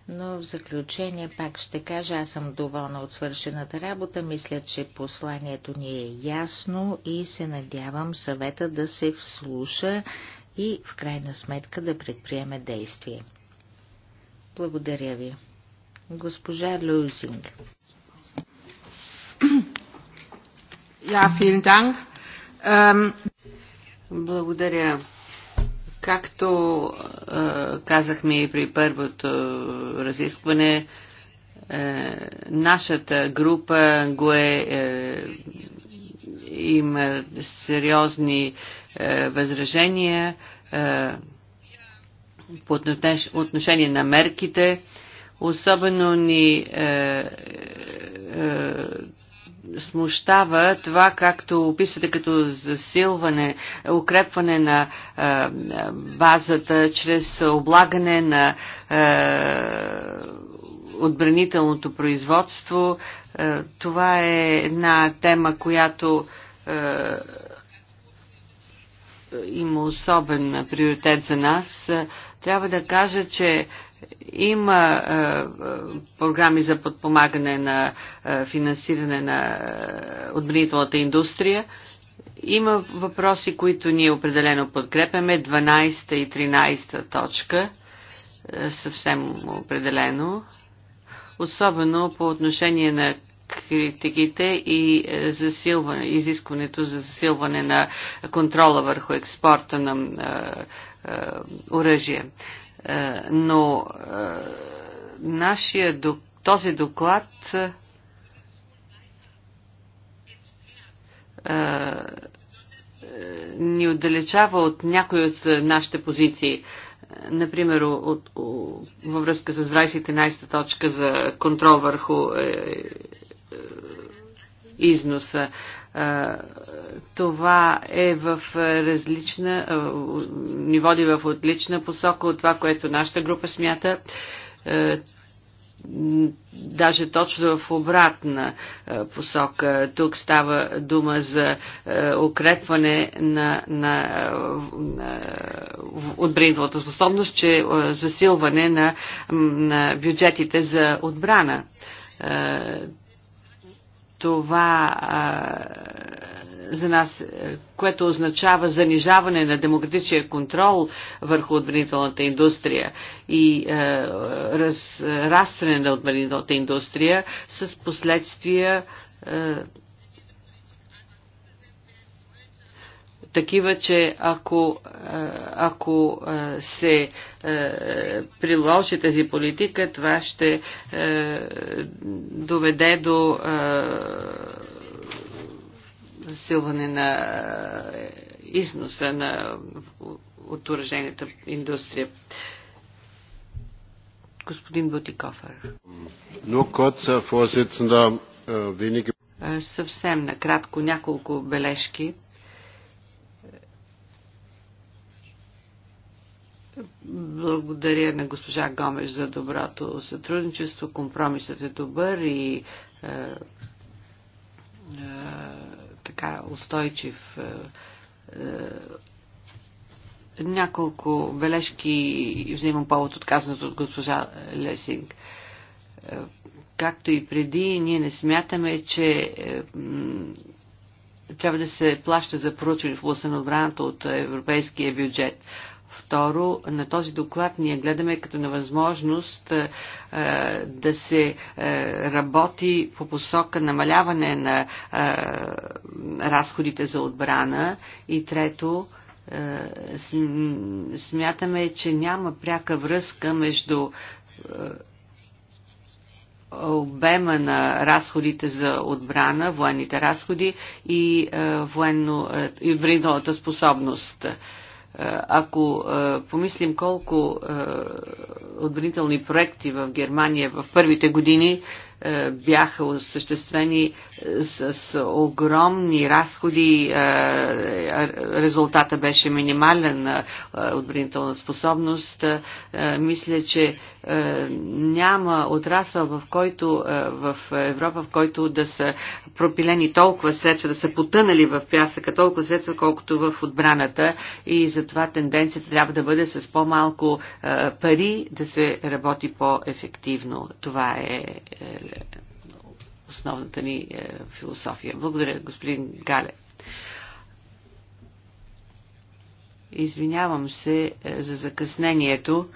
Но в заключение пак ще кажа, аз съм доволна от свършената работа. Мисля, че посланието ни е ясно и се надявам съвета да се вслуша и в крайна сметка да предприеме действие. Благодаря ви. Госпожа Люзинг. <clears throat> Ja, vielen Dank. Ähm, Благодаря. Както е, казахме и при първото разискване, е, нашата група го е, е има сериозни е, възражения е, по отношение на мерките. Особено ни е, е, смущава това, както описвате като засилване, укрепване на е, базата чрез облагане на е, отбранителното производство. Е, това е една тема, която е, има особен приоритет за нас. Трябва да кажа, че има е, програми за подпомагане на е, финансиране на е, отбранителната индустрия. Има въпроси, които ние определено подкрепяме. 12 и 13 точка е, съвсем определено. Особено по отношение на критиките и е, засилване, изискването за засилване на контрола върху експорта на оръжие. Е, е, е, но е, нашия, този доклад е, ни отдалечава от някои от нашите позиции. Например, от, от, във връзка с 21-та точка за контрол върху е, е, износа това е в различна, ни води в отлична посока от това, което нашата група смята. Даже точно в обратна посока. Тук става дума за укрепване на, на, на отбранителната способност, че засилване на, на бюджетите за отбрана това за нас, е, което означава занижаване на демократичния контрол върху отбранителната индустрия и е, разрастване на отбранителната индустрия с последствия а, е, такива, че ако, е, ако е, се е, приложи тази политика, това ще доведе до засилване на износа на отторжената индустрия. Господин Бутикофър. Но Коца, Съвсем накратко няколко бележки. Благодаря на госпожа Гомеш за доброто сътрудничество. Компромисът е добър и е, е, така устойчив. Е, е, няколко бележки взимам повод от казаното от госпожа Лесинг. Е, както и преди, ние не смятаме, че е, трябва да се плаща за проучване в областта на отбраната от европейския бюджет. Второ, на този доклад ние гледаме като на възможност е, е, да се е, работи по посока намаляване на е, разходите за отбрана. И трето, е, смятаме, че няма пряка връзка между е, обема на разходите за отбрана, военните разходи и военно, и способност. Е, ако е, помислим колко е, отбранителни проекти в Германия в първите години е, бяха осъществени е, с огромни разходи. Е, резултата беше минимален отбранителна способност. Мисля, че няма отрасъл в, който, в Европа, в който да са пропилени толкова средства, да са потънали в пясъка толкова средства, колкото в отбраната и затова тенденцията трябва да бъде с по-малко пари да се работи по-ефективно. Това е основната ни е, философия. Благодаря, господин Гале. Извинявам се е, за закъснението.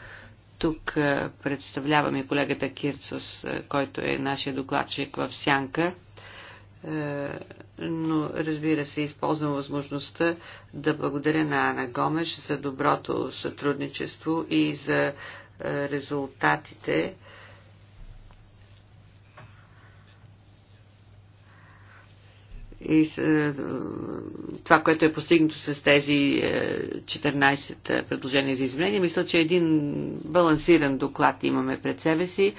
Тук е, представлявам и колегата Кирцос, който е нашия докладчик в Сянка. Но разбира се, използвам възможността да благодаря на Ана Гомеш за доброто сътрудничество и за резултатите, и с, е, това, което е постигнато с тези 14 е, е, предложения за изменение. мисля, че един балансиран доклад имаме пред себе си.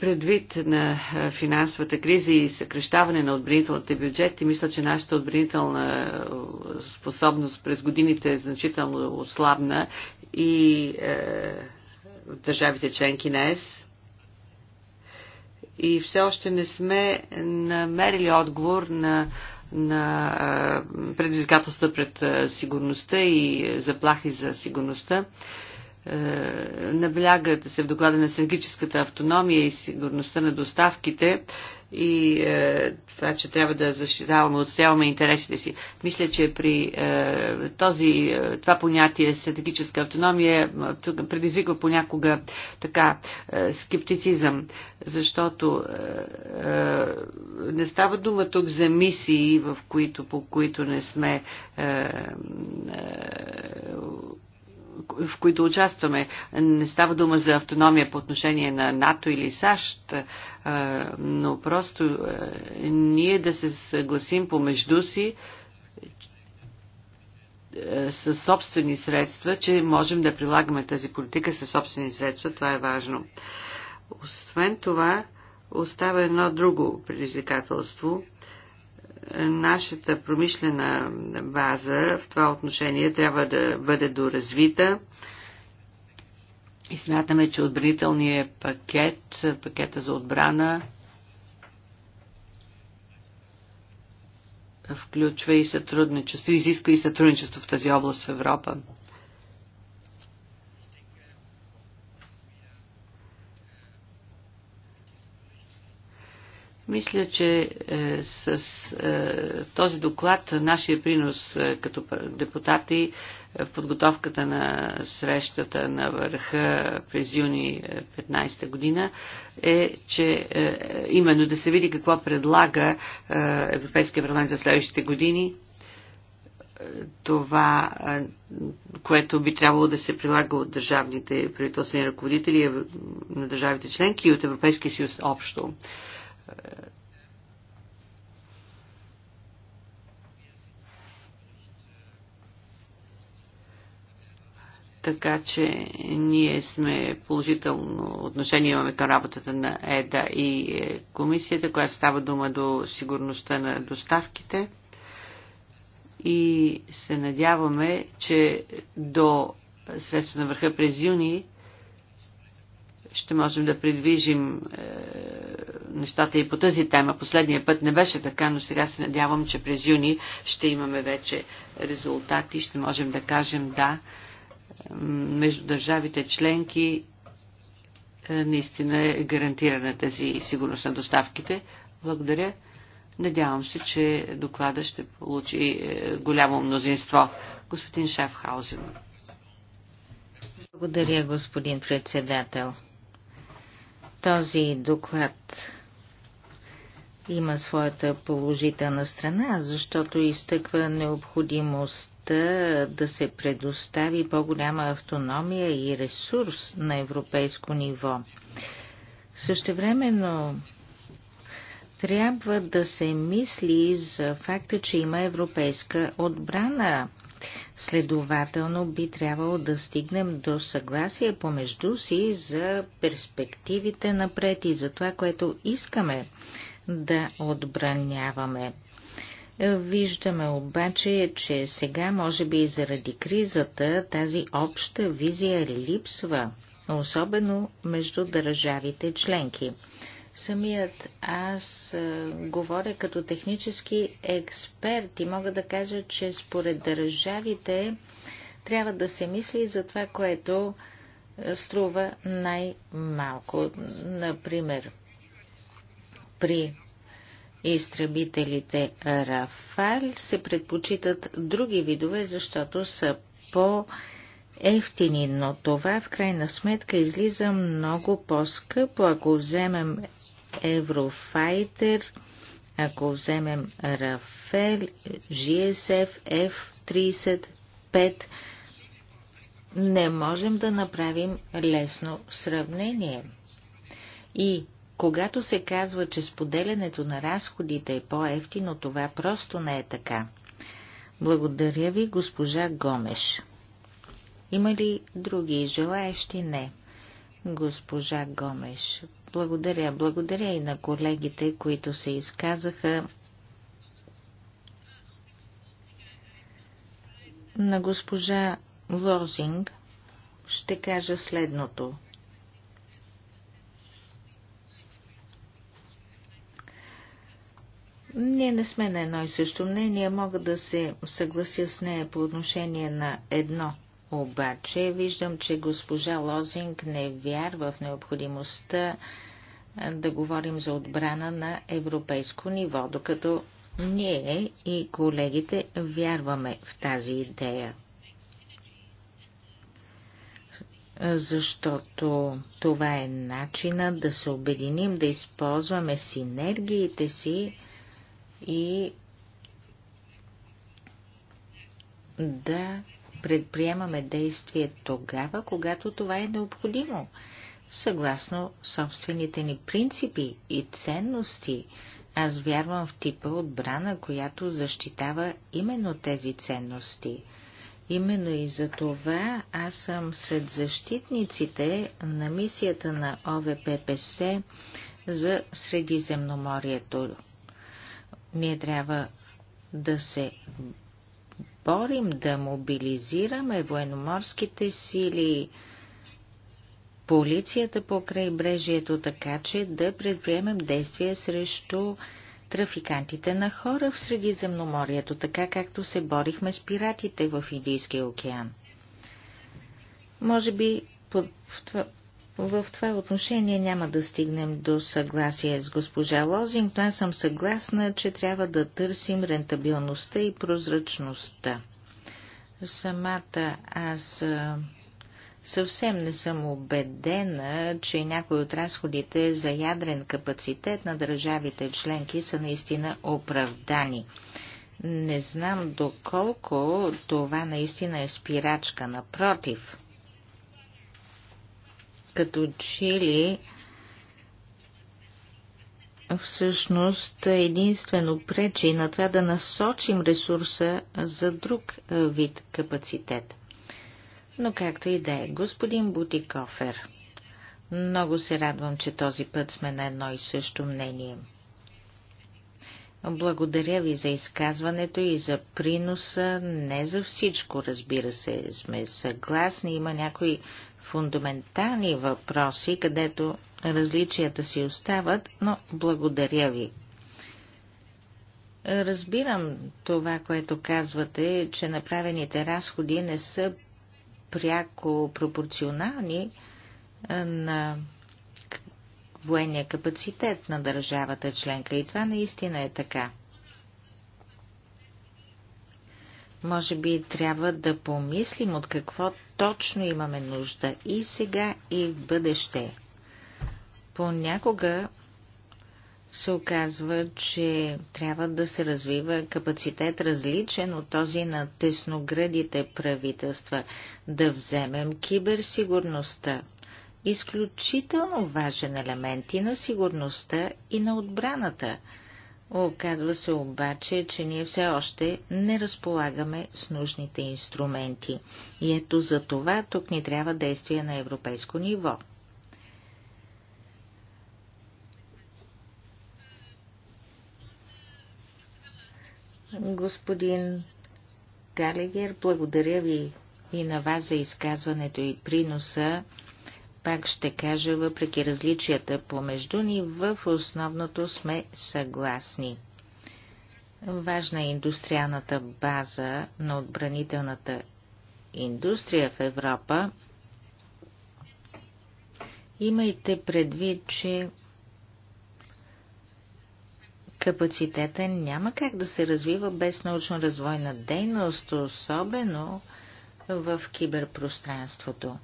Предвид на финансовата криза и съкрещаване на отбранителните бюджети, мисля, че нашата отбранителна способност през годините е значително ослабна и е, в държавите членки на ЕС и все още не сме намерили отговор на, на предизвикателства пред сигурността и заплахи за сигурността. Е, наблягат се в доклада на стратегическата автономия и сигурността на доставките и е, това, че трябва да защитаваме, отстояваме интересите си. Мисля, че при е, този, е, това понятие стратегическа автономия е, тук предизвиква понякога така е, скептицизъм, защото е, е, не става дума тук за мисии, в които, по които не сме е, е, в които участваме. Не става дума за автономия по отношение на НАТО или САЩ, но просто ние да се съгласим помежду си със собствени средства, че можем да прилагаме тази политика със собствени средства. Това е важно. Освен това, остава едно друго предизвикателство – нашата промишлена база в това отношение трябва да бъде доразвита и смятаме, че отбранителният пакет, пакета за отбрана, включва и сътрудничество, изисква и сътрудничество в тази област в Европа. Мисля, че е, с е, този доклад нашия принос е, като депутати е, в подготовката на срещата на върха през юни 15 е, година е, че е, именно да се види какво предлага е, Европейския парламент за следващите години, е, това, което би трябвало да се прилага от държавните правителствени ръководители на държавите членки и от Европейския съюз общо така че ние сме положително отношение имаме към работата на ЕДА и е, комисията, която става дума до сигурността на доставките и се надяваме, че до средства на върха през юни ще можем да придвижим е, нещата и по тази тема. Последния път не беше така, но сега се надявам, че през юни ще имаме вече резултати, ще можем да кажем да е, между държавите членки е, наистина е гарантирана тази сигурност на доставките. Благодаря. Надявам се, че доклада ще получи е, голямо мнозинство. Господин Шафхаузен. Благодаря, господин председател. Този доклад има своята положителна страна, защото изтъква необходимостта да се предостави по-голяма автономия и ресурс на европейско ниво. Същевременно трябва да се мисли за факта, че има европейска отбрана – Следователно би трябвало да стигнем до съгласие помежду си за перспективите напред и за това, което искаме да отбраняваме. Виждаме обаче, че сега, може би и заради кризата, тази обща визия липсва, особено между държавите членки. Самият аз а, говоря като технически експерт и мога да кажа, че според държавите трябва да се мисли за това, което струва най-малко. Например, при изтребителите Рафал се предпочитат други видове, защото са по- ефтини, но това в крайна сметка излиза много по-скъпо, ако вземем Еврофайтер, ако вземем Рафел, GSF, F-35, не можем да направим лесно сравнение. И когато се казва, че споделянето на разходите е по-ефтино, това просто не е така. Благодаря ви, госпожа Гомеш. Има ли други желаещи? Не. Госпожа Гомеш, благодаря. Благодаря и на колегите, които се изказаха. На госпожа Лозинг ще кажа следното. Ние не сме на едно и също мнение. Мога да се съглася с нея по отношение на едно – обаче виждам, че госпожа Лозинг не вярва в необходимостта да говорим за отбрана на европейско ниво, докато ние и колегите вярваме в тази идея. Защото това е начина да се обединим, да използваме синергиите си и да предприемаме действие тогава, когато това е необходимо, съгласно собствените ни принципи и ценности. Аз вярвам в типа отбрана, която защитава именно тези ценности. Именно и за това аз съм сред защитниците на мисията на ОВППС за Средиземноморието. Ние трябва да се борим, да мобилизираме военноморските сили, полицията по крайбрежието, така че да предприемем действия срещу трафикантите на хора в Средиземноморието, така както се борихме с пиратите в Индийския океан. Може би в това отношение няма да стигнем до съгласие с госпожа Лозинг, но аз съм съгласна, че трябва да търсим рентабилността и прозрачността. Самата аз съвсем не съм убедена, че някои от разходите за ядрен капацитет на държавите членки са наистина оправдани. Не знам доколко това наистина е спирачка, напротив – като Чили всъщност единствено пречи на това да насочим ресурса за друг вид капацитет. Но както и да е, господин Бутикофер, много се радвам, че този път сме на едно и също мнение. Благодаря ви за изказването и за приноса. Не за всичко, разбира се, сме съгласни. Има някои фундаментални въпроси, където различията си остават, но благодаря ви. Разбирам това, което казвате, че направените разходи не са пряко пропорционални на военния капацитет на държавата членка. И това наистина е така. Може би трябва да помислим от какво точно имаме нужда и сега, и в бъдеще. Понякога се оказва, че трябва да се развива капацитет различен от този на тесноградите правителства. Да вземем киберсигурността. Изключително важен елемент и на сигурността, и на отбраната – Оказва се обаче, че ние все още не разполагаме с нужните инструменти. И ето за това тук ни трябва действие на европейско ниво. Господин Галегер, благодаря ви и на вас за изказването и приноса пак ще кажа, въпреки различията помежду ни, в основното сме съгласни. Важна е индустриалната база на отбранителната индустрия в Европа. Имайте предвид, че капацитета няма как да се развива без научно-развойна дейност, особено в киберпространството.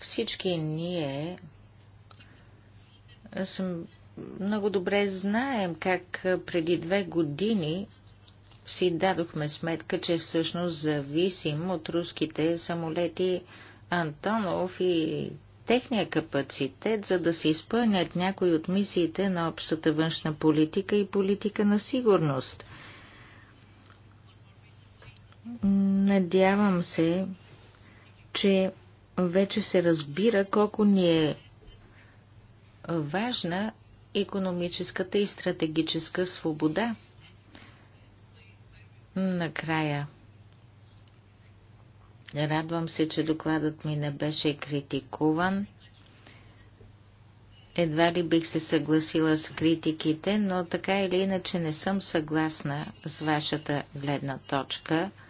Всички ние съм, много добре знаем как преди две години си дадохме сметка, че всъщност зависим от руските самолети Антонов и техния капацитет, за да се изпълнят някои от мисиите на общата външна политика и политика на сигурност. Надявам се, че вече се разбира колко ни е важна економическата и стратегическа свобода. Накрая. Радвам се, че докладът ми не беше критикуван. Едва ли бих се съгласила с критиките, но така или иначе не съм съгласна с вашата гледна точка –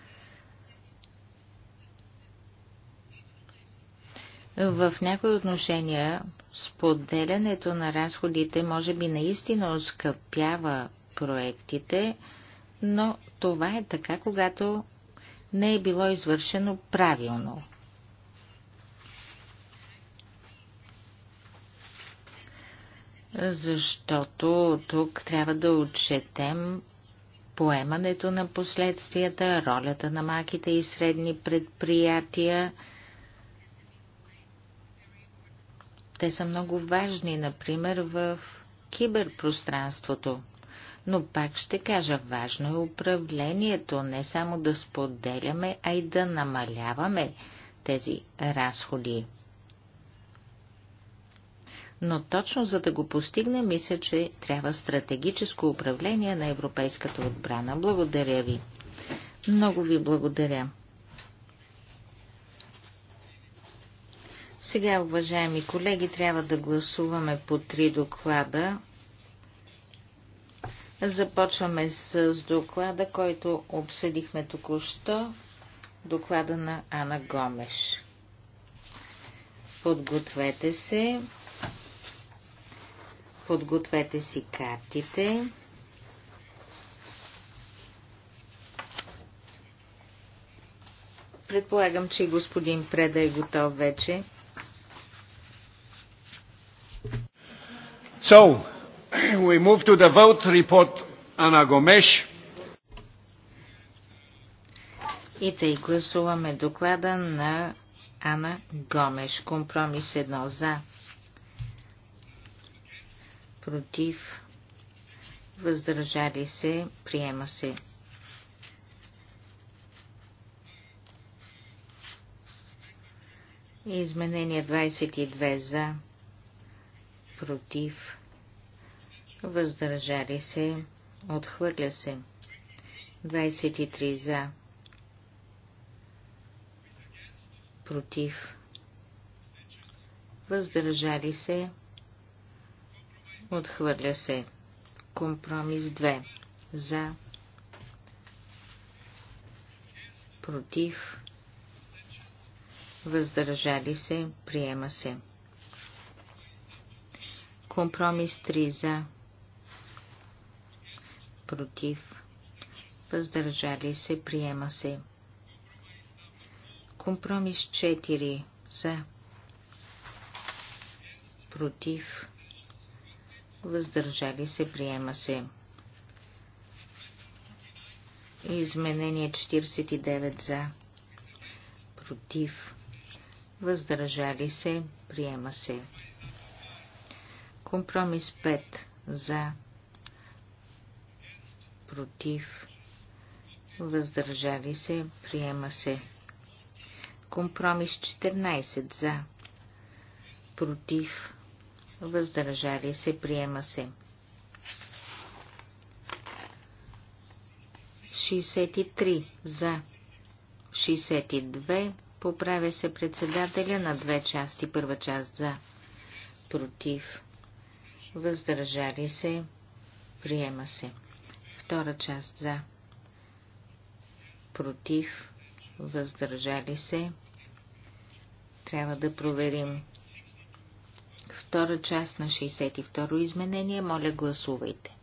В някои отношения споделянето на разходите може би наистина оскъпява проектите, но това е така, когато не е било извършено правилно. Защото тук трябва да отчетем поемането на последствията, ролята на малките и средни предприятия – Те са много важни, например, в киберпространството. Но пак ще кажа, важно е управлението, не само да споделяме, а и да намаляваме тези разходи. Но точно за да го постигне, мисля, че трябва стратегическо управление на европейската отбрана. Благодаря ви. Много ви благодаря. Сега, уважаеми колеги, трябва да гласуваме по три доклада. Започваме с доклада, който обсъдихме току-що, доклада на Ана Гомеш. Подгответе се, подгответе си картите. Предполагам, че господин Преда е готов вече. So, <coughs> we move to the vote report Ana Gomes. И тъй гласуваме доклада на Ана Гомеш. Компромис едно за. Против. Въздържали се. Приема се. Изменение 22 за. Против въздържали се, отхвърля се. 23 за, против, въздържали се, отхвърля се. Компромис 2 за, против, въздържали се, приема се. Компромис 3 за, против, въздържали се, приема се. Компромис 4 за, против, въздържали се, приема се. Изменение 49 за, против, въздържали се, приема се. Компромис 5 за, против, против, въздържали се, приема се. Компромис 14 за, против, въздържали се, приема се. 63 за, 62 поправя се председателя на две части, първа част за, против, въздържали се, приема се. Втора част за. Против. Въздържали се. Трябва да проверим. Втора част на 62-ро изменение. Моля, гласувайте.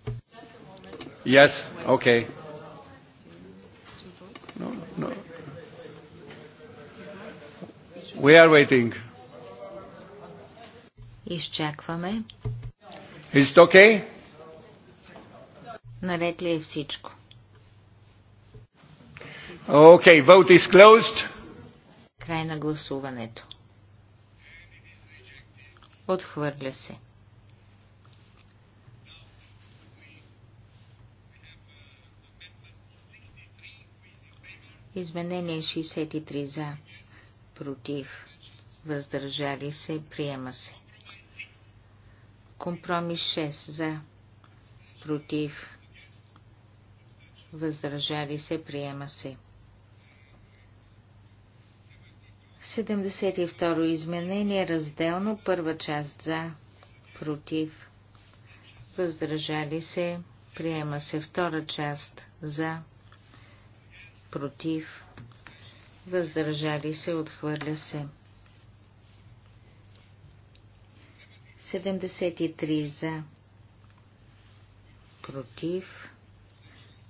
Yes, okay. No, no. We are waiting. Изчакваме. Is it okay? Наред ли е всичко? Okay, vote is closed. Край на гласуването. Отхвърля се. Изменение 63 за, против, въздържали се, приема се. Компромис 6 за, против, въздържали се, приема се. 72 изменение разделно, първа част за, против, въздържали се, приема се втора част за, против, въздържали се, отхвърля се. 73 за, против,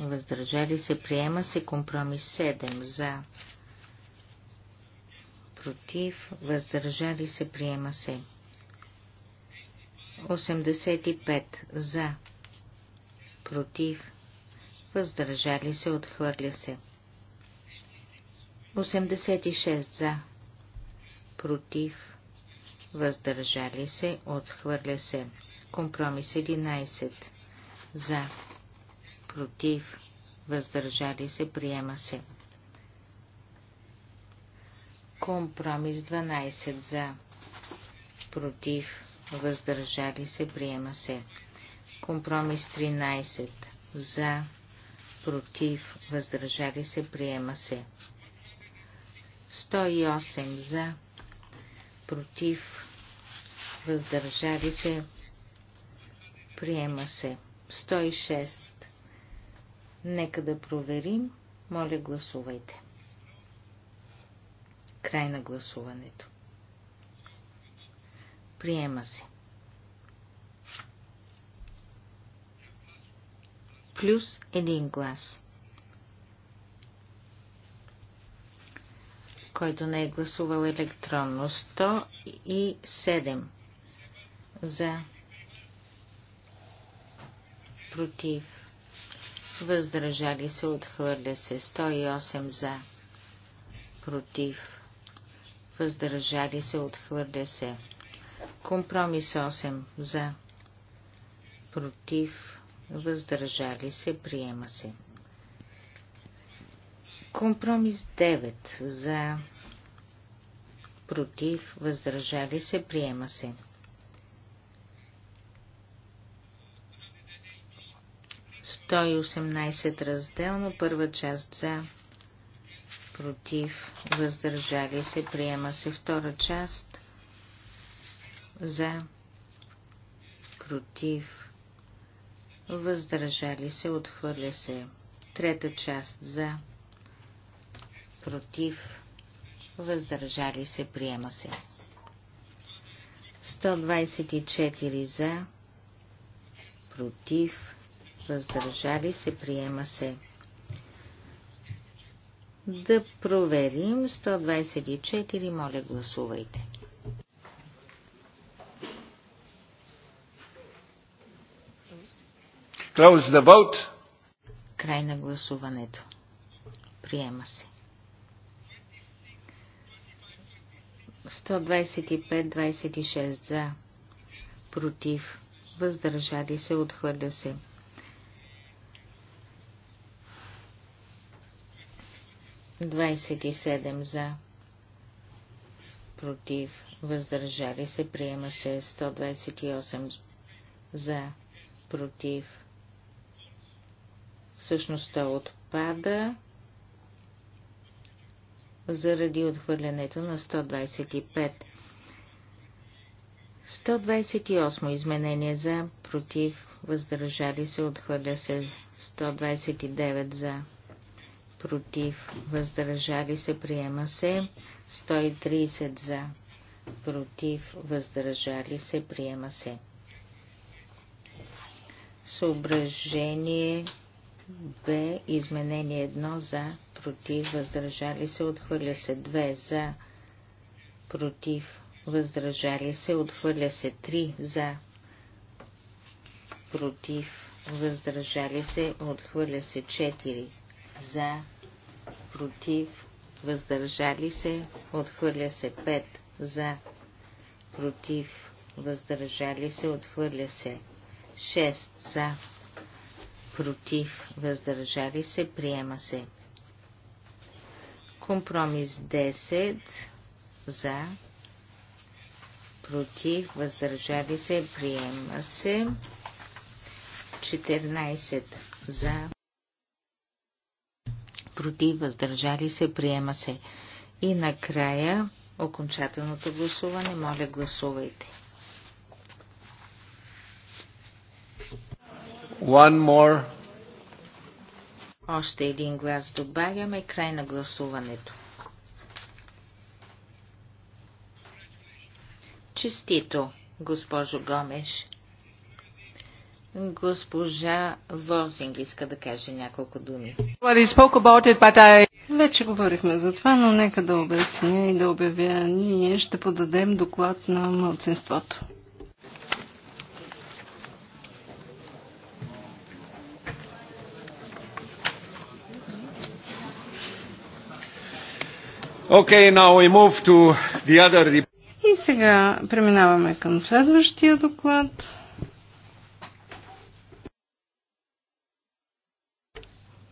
въздържали се, приема се компромис 7 за, против, въздържали се, приема се. 85 за, против, въздържали се, отхвърля се. 86 за, против, въздържали се, отхвърля се. Компромис 11 за, против, въздържали се, приема се. Компромис 12 за, против, въздържали се, приема се. Компромис 13 за, против, въздържали се, приема се. 108 за, против, въздържали се, приема се. 106 Нека да проверим. Моля, гласувайте. Край на гласуването. Приема се. Плюс един глас. Който не е гласувал електронно. 107 за. Против въздържали се, отхвърля се 108 за, против, въздържали се, отхвърля се. Компромис 8 за, против, въздържали се, приема се. Компромис 9 за, против, въздържали се, приема се. 118 разделно, първа част за, против, въздържали се, приема се втора част за, против, въздържали се, отхвърля се, трета част за, против, въздържали се, приема се. 124 за, против, въздържали се, приема се. Да проверим 124, моля гласувайте. Close the vote. Край на гласуването. Приема се. 125-26 за. Против. Въздържали се. Отхвърля се. 27 за. Против. Въздържали се. Приема се 128 за. Против. Всъщност то отпада заради отхвърлянето на 125. 128 изменение за, против, въздържали се, отхвърля се 129 за, против, въздържали се, приема се. 130 за, против, въздържали се, приема се. Съображение Б, изменение 1 за, против, въздържали се, отхвърля се 2 за, против, въздържали се, отхвърля се 3 за, против, въздържали се, отхвърля се 4 за, против, въздържали се, отхвърля се 5 за, против, въздържали се, отхвърля се 6 за, против, въздържали се, приема се. Компромис 10 за, против, въздържали се, приема се. 14 за, против, въздържали се, приема се. И накрая окончателното гласуване. Моля, гласувайте. One more. Още един глас добавяме. Край на гласуването. Честито, госпожо Гомеш. Госпожа Лозинг иска да каже няколко думи. Вече говорихме за това, но нека да обясня и да обявя. Ние ще подадем доклад на младсинството. Okay, now we move to the other... И сега преминаваме към следващия доклад.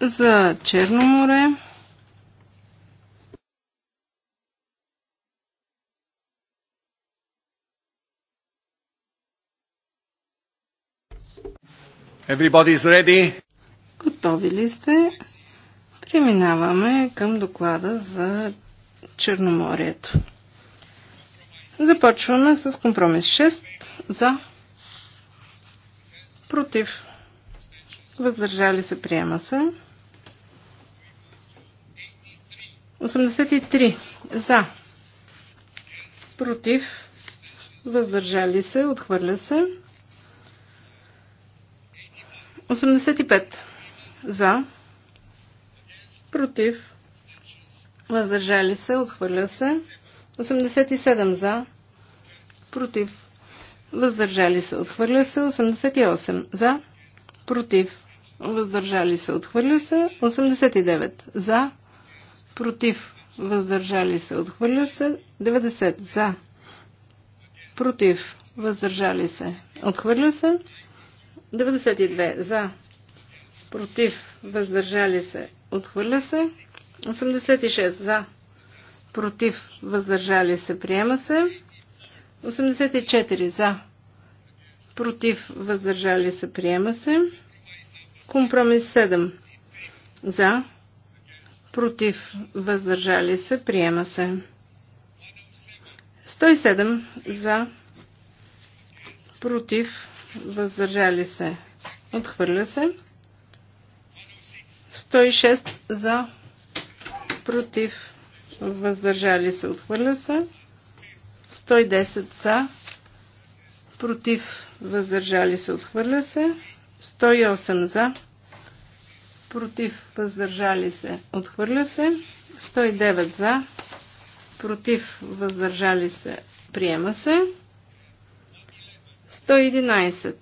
за Черно море. Everybody's ready. Готови ли сте? Преминаваме към доклада за Черноморието. Започваме с компромис 6 за против. Въздържали се, приема се. 83 за. Против. Въздържали се. Отхвърля се. 85 за. Против. Въздържали се. Отхвърля се. 87 за. Против. Въздържали се. Отхвърля се. 88 за. Против. Въздържали се. Отхвърля се. 89 за против, въздържали се, отхвърля се, 90 за, против, въздържали се, отхвърля се, 92 за, против, въздържали се, отхвърля се, 86 за, против, въздържали се, приема се, 84 за, против, въздържали се, приема се, компромис 7 за, против, въздържали се, приема се. 107 за, против, въздържали се, отхвърля се. 106 за, против, въздържали се, отхвърля се. 110 за, против, въздържали се, отхвърля се. 108 за, против, въздържали се, отхвърля се. 109 за, против, въздържали се, приема се. 111.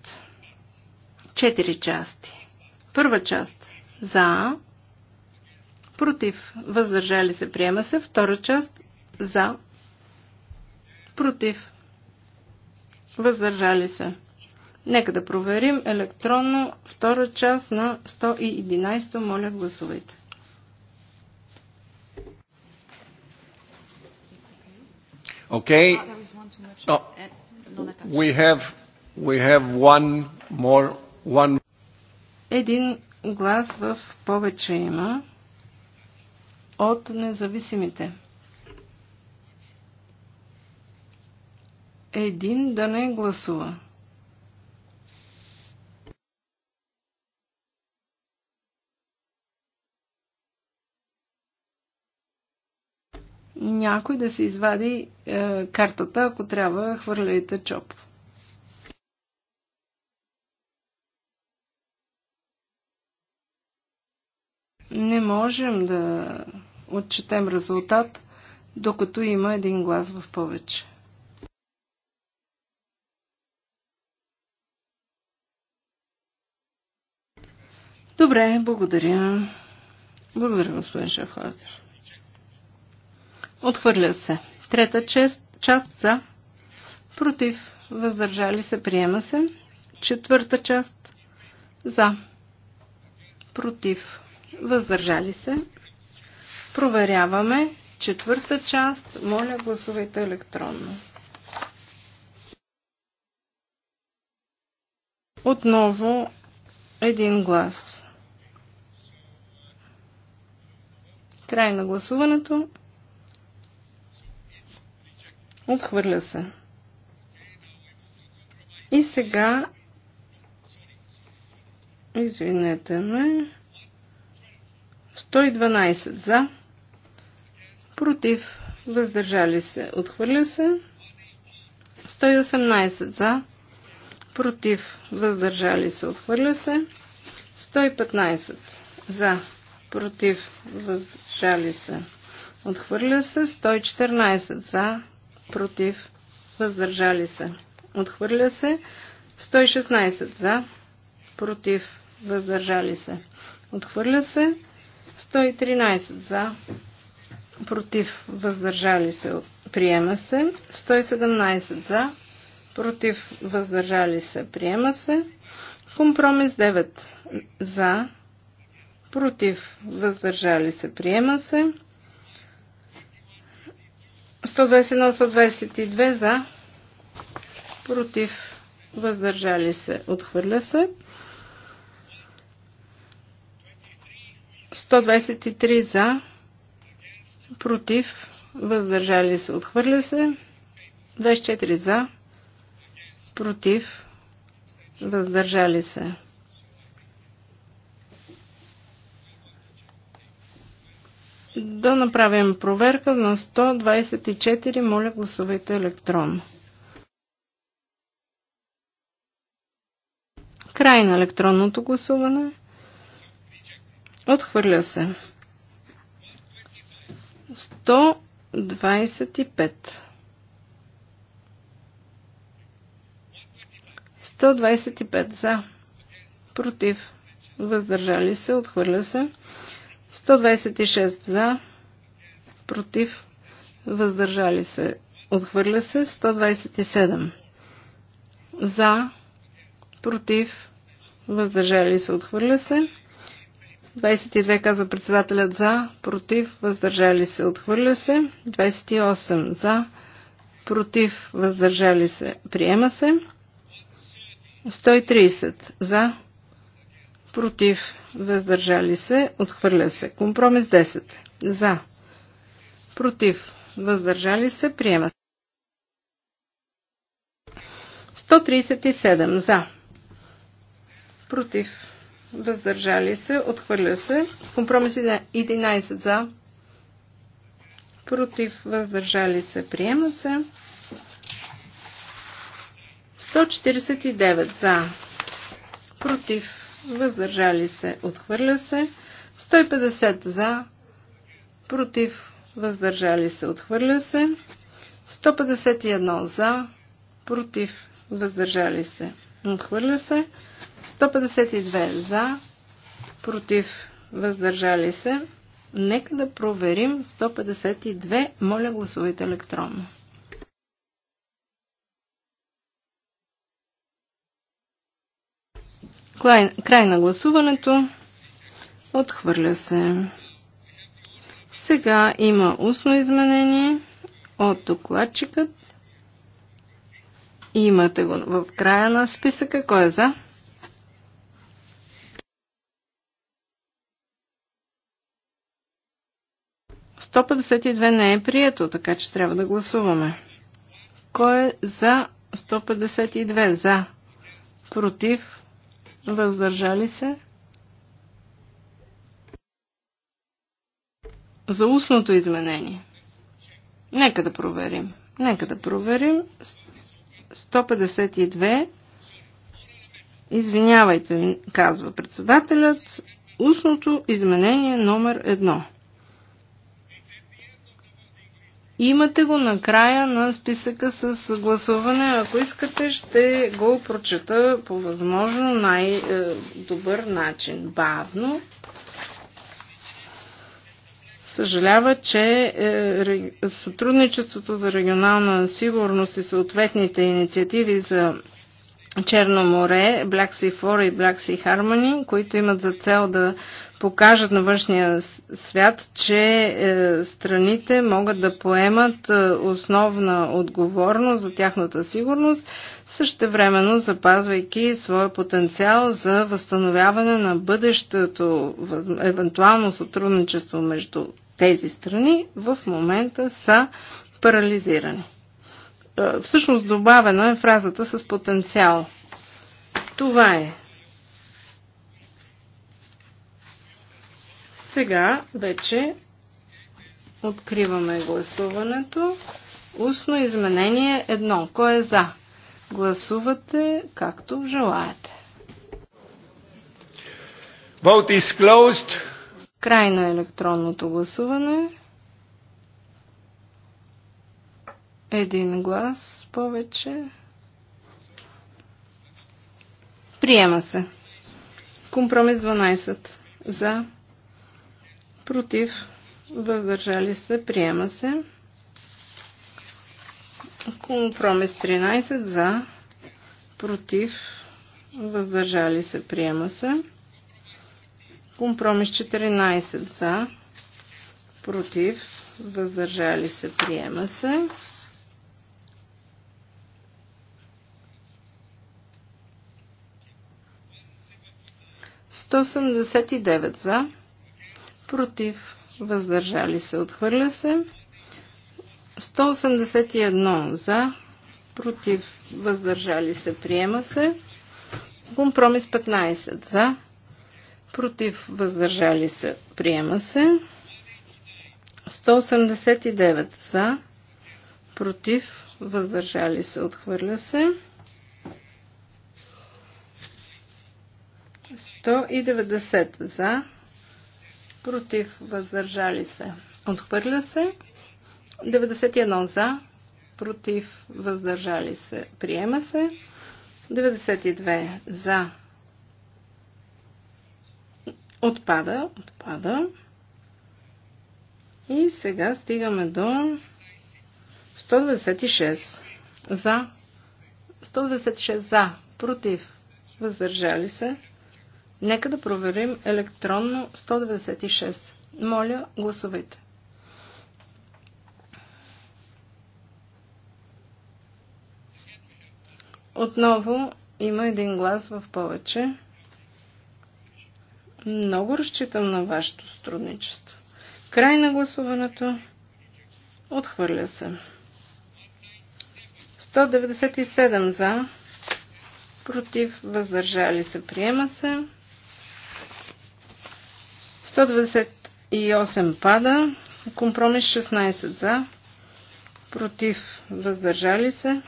Четири части. Първа част за, против, въздържали се, приема се. Втора част за, против, въздържали се. Нека да проверим електронно втора част на 111. Моля, гласувайте. Okay. Oh, we have we have one more one. Един глас в повече има от независимите. Един да не гласува. някой да се извади е, картата, ако трябва, хвърляйте чоп. Не можем да отчетем резултат, докато има един глас в повече. Добре, благодаря. Благодаря, господин Шахартер. Отхвърля се. Трета част, част за. Против. Въздържали се. Приема се. Четвърта част за. Против. Въздържали се. Проверяваме. Четвърта част. Моля, гласувайте електронно. Отново един глас. Край на гласуването. Отхвърля се. И сега, извинете ме, 112 за, против, въздържали се, отхвърля се, 118 за, против, въздържали се, отхвърля се, 115 за, против, въздържали се, отхвърля се, 114 за, против, въздържали се. Отхвърля се 116 за, против, въздържали се. Отхвърля се 113 за, против, въздържали се. Приема се 117 за, против, въздържали се. Приема се компромис 9 за, против, въздържали се. Приема се 121-122 за, против, въздържали се, отхвърля се. 123 за, против, въздържали се, отхвърля се. 24 за, против, въздържали се. направим проверка на 124. Моля, гласувайте електронно. Край на електронното гласуване. Отхвърля се. 125. 125 за. Против. Въздържали се. Отхвърля се. 126 за против, въздържали се, отхвърля се 127. За, против, въздържали се, отхвърля се. 22 казва председателят за, против, въздържали се, отхвърля се. 28 за, против, въздържали се, приема се. 130 за, против, въздържали се, отхвърля се. Компромис 10 за, против, въздържали се, приема се. 137 за, против, въздържали се, отхвърля се. Компромис 11 за, против, въздържали се, приема се. 149 за, против, въздържали се, отхвърля се. 150 за, против, въздържали се, отхвърля се. 151 за, против, въздържали се, отхвърля се. 152 за, против, въздържали се. Нека да проверим 152. Моля, гласувайте електронно. Край на гласуването. Отхвърля се. Сега има устно изменение от докладчикът. Имате го в края на списъка. Кой е за? Сто не е прието, така че трябва да гласуваме. Кой е за 152? За. Против. Въздържали се. за устното изменение. Нека да проверим. Нека да проверим. 152. Извинявайте, казва председателят. Устното изменение номер едно. Имате го на края на списъка с гласуване. Ако искате, ще го прочета по възможно най-добър е, начин. Бавно, съжалява, че е, сътрудничеството за регионална сигурност и съответните инициативи за Черно море, Black Sea 4 и Black Sea Harmony, които имат за цел да покажат на външния свят, че е, страните могат да поемат е, основна отговорност за тяхната сигурност, същевременно запазвайки своя потенциал за възстановяване на бъдещето евентуално сътрудничество между тези страни в момента са парализирани. Е, всъщност добавена е фразата с потенциал. Това е. Сега вече откриваме гласуването. Устно изменение едно. Кой е за? Гласувате както желаете. Vote is closed. Край на електронното гласуване. Един глас повече. Приема се. Компромис 12. За. Против. Въздържали се. Приема се. Компромис 13. За. Против. Въздържали се. Приема се. Компромис 14 за, против, въздържали се, приема се. Сто за, против, въздържали се, отхвърля се. 181 за, против, въздържали се, приема се. Компромис 15 за, против, въздържали се, приема се. 189 за, против, въздържали се, отхвърля се. 190 за, против, въздържали се, отхвърля се. 91 за, против, въздържали се, приема се. 92 за, Отпада, отпада. И сега стигаме до 196 за. 196 за. Против. Въздържали се. Нека да проверим електронно 196. Моля, гласувайте. Отново има един глас в повече. Много разчитам на вашето сътрудничество. Край на гласуването. Отхвърля се. 197 за. Против. Въздържали се. Приема се. 198 пада. Компромис 16 за. Против. Въздържали се.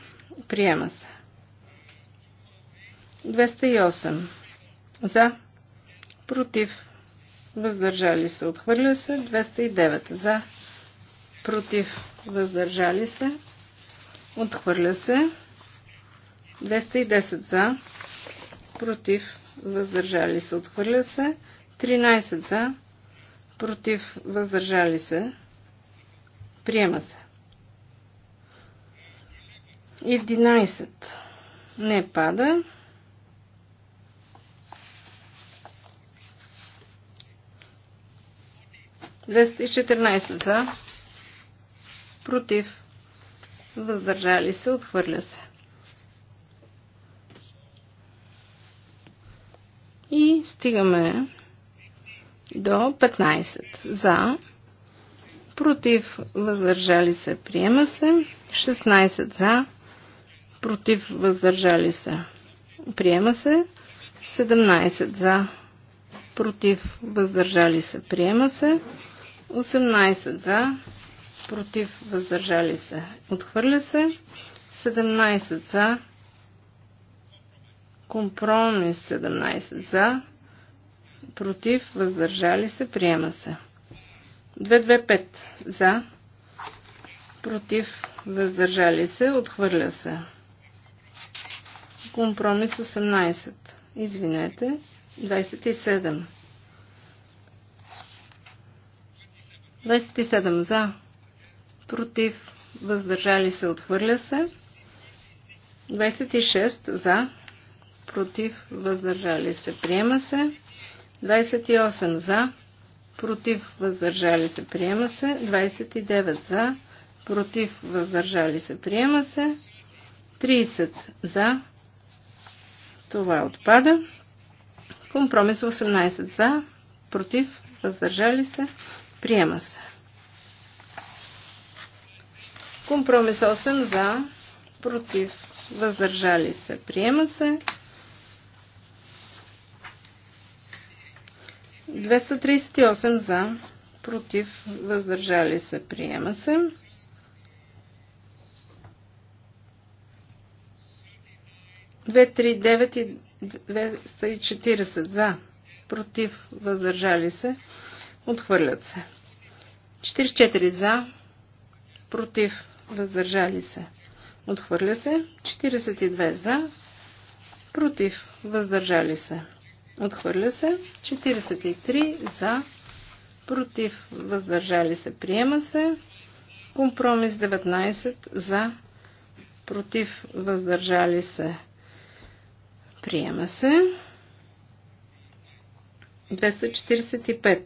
Приема се. 208 за против, въздържали се, отхвърля се, 209 за, против, въздържали се, отхвърля се, 210 за, против, въздържали се, отхвърля се, 13 за, против, въздържали се, приема се. 11 не пада. 214 за. Против. Въздържали се. Отхвърля се. И стигаме до 15 за. Против. Въздържали се. Приема се. 16 за. Против. Въздържали се. Приема се. 17 за. Против. Въздържали се. Приема се. 18 за, против, въздържали се, отхвърля се. 17 за, компромис 17 за, против, въздържали се, приема се. 225 за, против, въздържали се, отхвърля се. Компромис 18. Извинете. 27 27 за, против, въздържали се, отхвърля се. 26 за, против, въздържали се, приема се. 28 за, против, въздържали се, приема се. 29 за, против, въздържали се, приема се. 30 за, това отпада. Компромис 18 за, против, въздържали се, Приема се. Компромис 8 за, против, въздържали се. Приема се. 238 за, против, въздържали се. Приема се. Две, три, девет и 240 за, против, въздържали се. Отхвърлят се. 44 за, против, въздържали се. Отхвърля се. 42 за, против, въздържали се. Отхвърля се. 43 за, против, въздържали се. Приема се. Компромис 19 за, против, въздържали се. Приема се. 245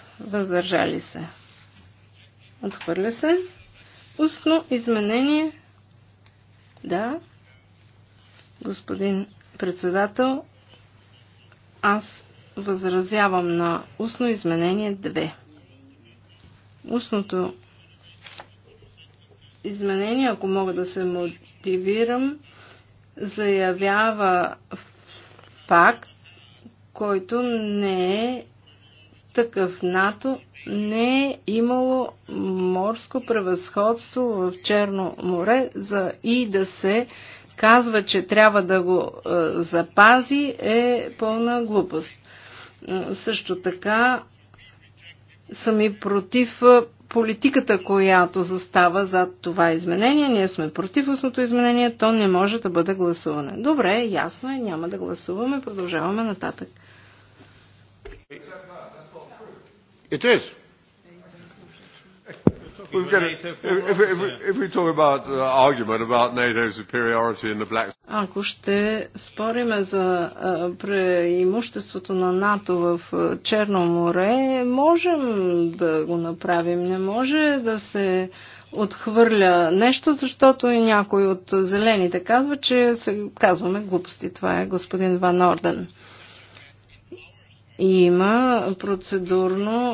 въздържали се. Отхвърля се. Устно изменение. Да. Господин председател, аз възразявам на устно изменение 2. Устното изменение, ако мога да се мотивирам, заявява факт, който не е такъв НАТО не е имало морско превъзходство в Черно море за и да се казва, че трябва да го е, запази е пълна глупост. Също така съм и против е, политиката, която застава зад това изменение. Ние сме против устното изменение, то не може да бъде гласуване. Добре, ясно е, няма да гласуваме, продължаваме нататък. It is. if, if, if we talk about uh, argument about superiority in the Black Ако ще спориме за преимуществото на НАТО в Черно море, можем да го направим. Не може да се отхвърля нещо, защото и някой от зелените казва, че се казваме глупости. Това е господин Ван Орден има процедурно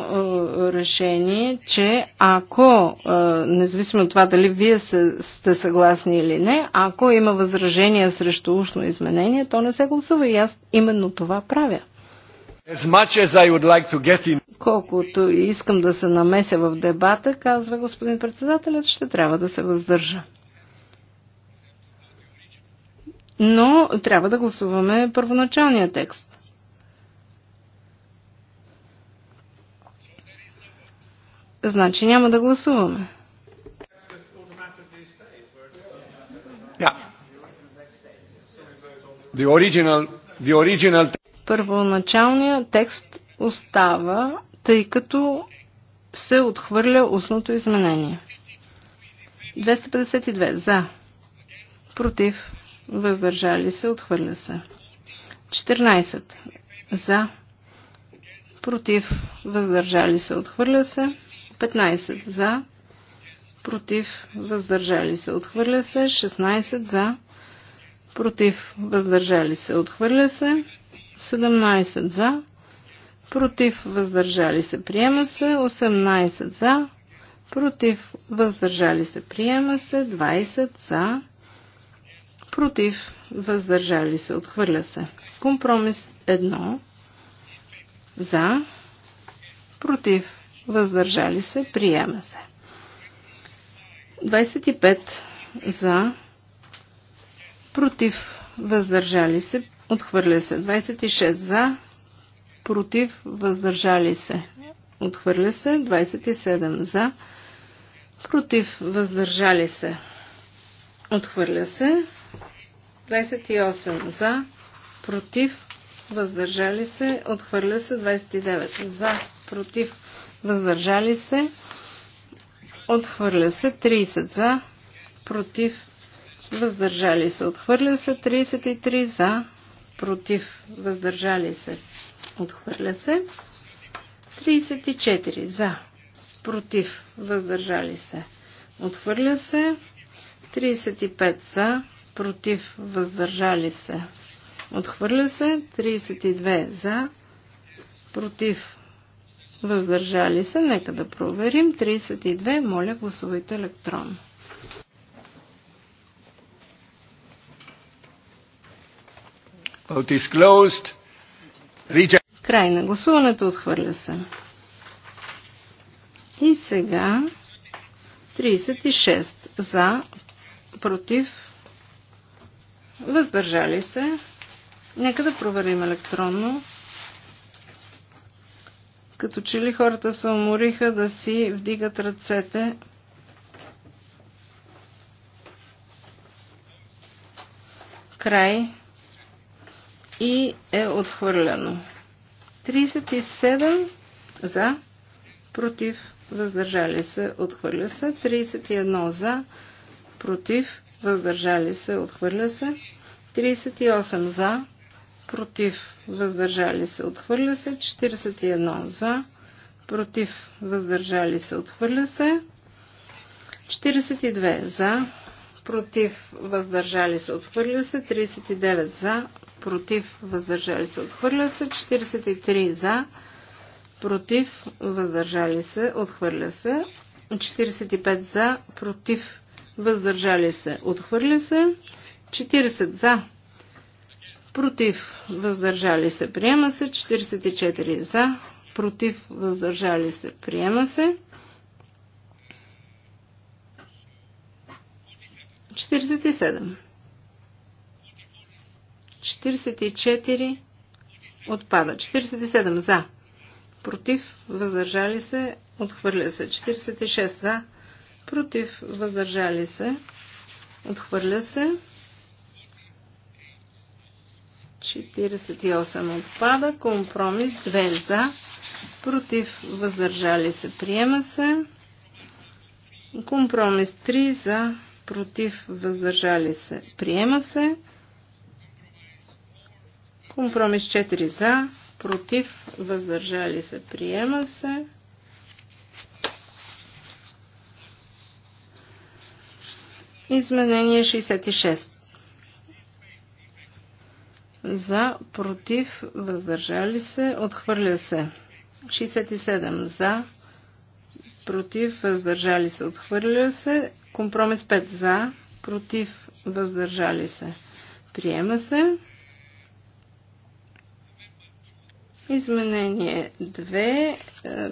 е, решение, че ако, е, независимо от това дали вие сте съгласни или не, ако има възражение срещу ушно изменение, то не се гласува и аз именно това правя. As much as I would like to get in... Колкото искам да се намеся в дебата, казва господин председателят, ще трябва да се въздържа. Но трябва да гласуваме първоначалния текст. Значи няма да гласуваме. The original, the original... Първоначалният текст остава, тъй като се отхвърля устното изменение. 252 за. Против. Въздържали се. Отхвърля се. 14 за. Против. Въздържали се. Отхвърля се. 15 за, против, въздържали се, отхвърля се. 16 за, против, въздържали се, отхвърля се. 17 за, против, въздържали се, приема се. 18 за, против, въздържали се, приема се. 20 за, против, въздържали се, отхвърля се. Компромис 1 за, против, въздържали се, приема се. 25 за, против, въздържали се, отхвърля се. 26 за, против, въздържали се, отхвърля се. 27 за, против, въздържали се, отхвърля се. 28 за, против, въздържали се, отхвърля се. 29 за, против, въздържали се, отхвърля се 30 за, против, въздържали се, отхвърля се 33 за, против, въздържали се, отхвърля се 34 за, против, въздържали се, отхвърля се 35 за, против, въздържали се, отхвърля се 32 за, против, въздържали се. Нека да проверим. 32, моля гласувайте електронно. Край на гласуването отхвърля се. И сега 36 за, против, въздържали се. Нека да проверим електронно. Като че ли хората се умориха да си вдигат ръцете. Край. И е отхвърлено. 37 за, против, въздържали се, отхвърля се. 31 за, против, въздържали се, отхвърля се. 38 за, против, въздържали се, отхвърля се, 41 за, против, въздържали се, отхвърля се, 42 за, против, въздържали се, отхвърля се, 39 за, против, въздържали се, отхвърля се, 43 за, против, въздържали се, отхвърля се, 45 за, против, въздържали се, отхвърля се, 40 за, против, въздържали се, приема се, 44 за, против, въздържали се, приема се. 47. 44 отпада. 47 за. Против, въздържали се, отхвърля се. 46 за. Против, въздържали се, отхвърля се. 48 отпада. Компромис 2 за. Против въздържали се. Приема се. Компромис 3 за. Против въздържали се. Приема се. Компромис 4 за. Против въздържали се. Приема се. Изменение 66 за, против, въздържали се, отхвърля се. 67 за, против, въздържали се, отхвърля се. Компромис 5 за, против, въздържали се. Приема се. Изменение 2, е,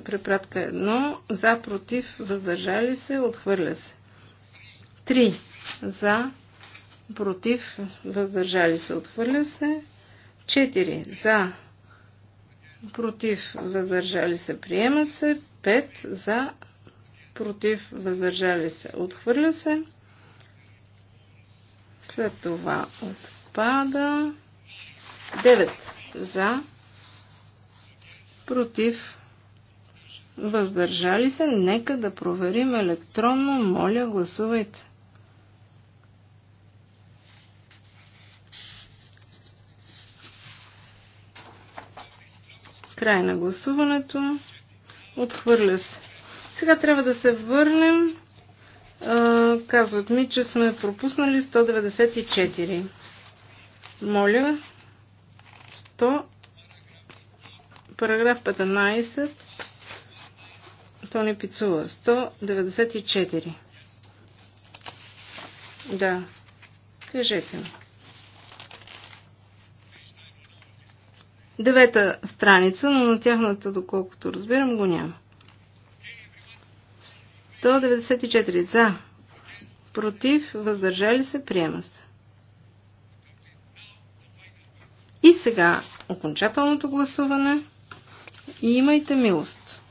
препратка 1, за, против, въздържали се, отхвърля се. 3 за, против, въздържали се, отхвърля се. 4 за, против, въздържали се, приема се. 5 за, против, въздържали се, отхвърля се. След това отпада. 9 за, против, въздържали се. Нека да проверим електронно. Моля, гласувайте. Край на гласуването. Отхвърля се. Сега трябва да се върнем. А, казват ми, че сме пропуснали 194. Моля. 100. Параграф 15. Тони Пицула. 194. Да. Кажете ми. девета страница, но на тяхната, доколкото разбирам, го няма. 194 за, против, въздържали се, приема се. И сега окончателното гласуване. И имайте милост.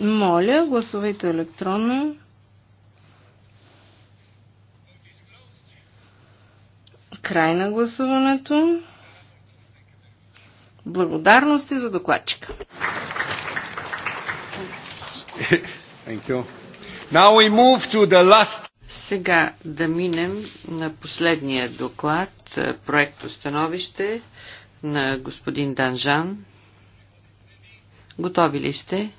Моля, гласувайте електронно. Край на гласуването. Благодарности за докладчика. Last... Сега да минем на последния доклад, е, проекто становище на господин Данжан. Готови ли сте?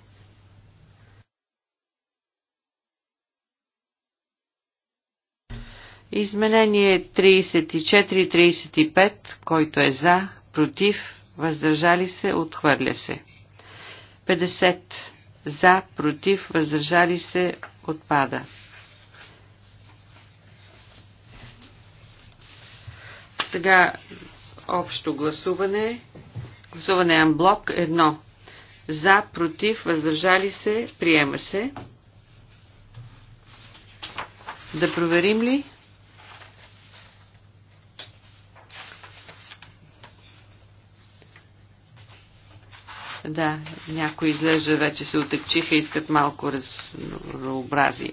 Изменение 34-35, който е за, против, въздържали се, отхвърля се. 50. За, против, въздържали се, отпада. Сега общо гласуване. Гласуване Амблок 1. За, против, въздържали се, приема се. Да проверим ли? Да, някои изглежда вече се отекчиха и искат малко разнообразие.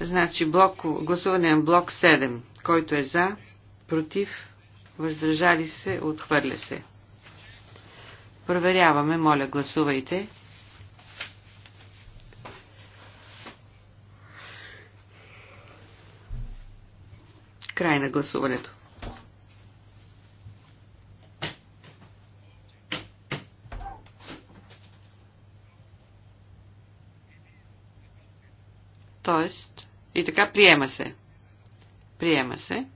Значи блок, гласуване на блок 7. Който е за, против, въздържали се, отхвърля се. Проверяваме, моля, гласувайте. Край на гласуването. Тоест, и така приема се. Приема се.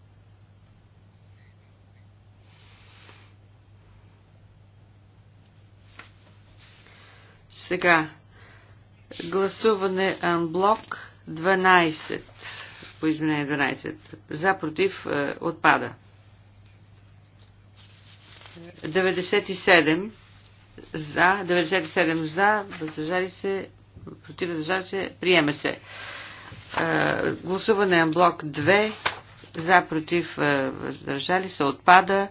Сега, гласуване анблок 12, по изменение 12, за, против, е, отпада. 97 за, 97 за, въздържали се, против, въздържали се, приема се. Гласуване на блок 2. За, против, въздържали се. Отпада.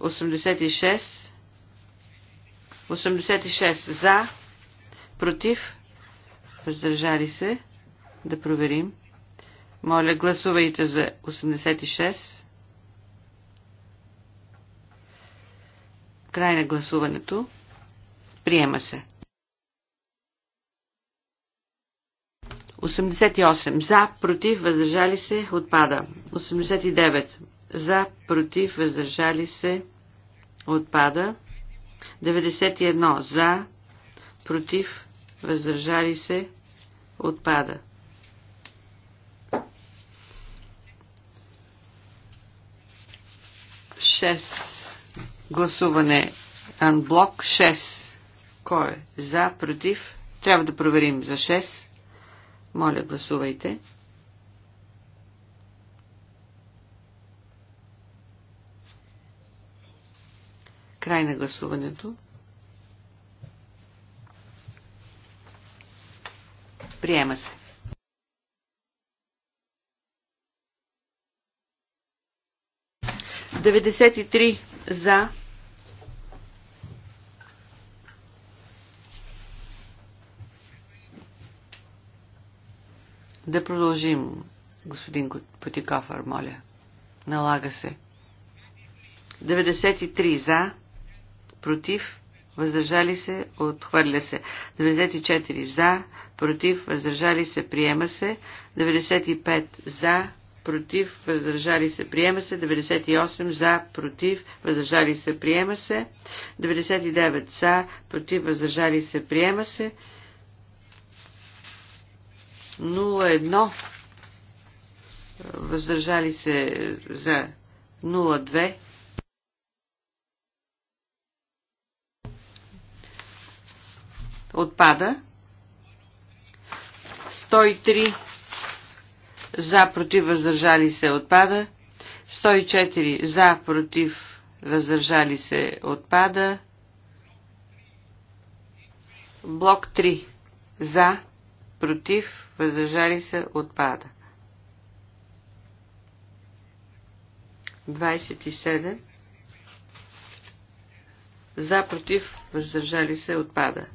86. 86 за, против, въздържали се. Да проверим. Моля, гласувайте за 86. Край на гласуването. Приема се. 88. За, против, въздържали се, отпада. 89. За, против, въздържали се, отпада. 91. За, против, въздържали се, отпада. Шест. Гласуване анблок 6. Кой е? За, против? Трябва да проверим за 6. Моля, гласувайте. Край на гласуването. Приема се. Деведесет и три за. Да продължим, господин Потикофър, моля. Налага се. 93 за, против, въздържали се, отхвърля се. 94 за, против, въздържали се, приема се. 95 за, против, въздържали се, приема се. 98 за, против, въздържали се, приема се. 99 за, против, въздържали се, приема се. 01 въздържали се за 02 отпада 103 за против въздържали се отпада 104 за против въздържали се отпада блок 3 за против, въздържали се, отпада. 27 за, против, въздържали се, отпада.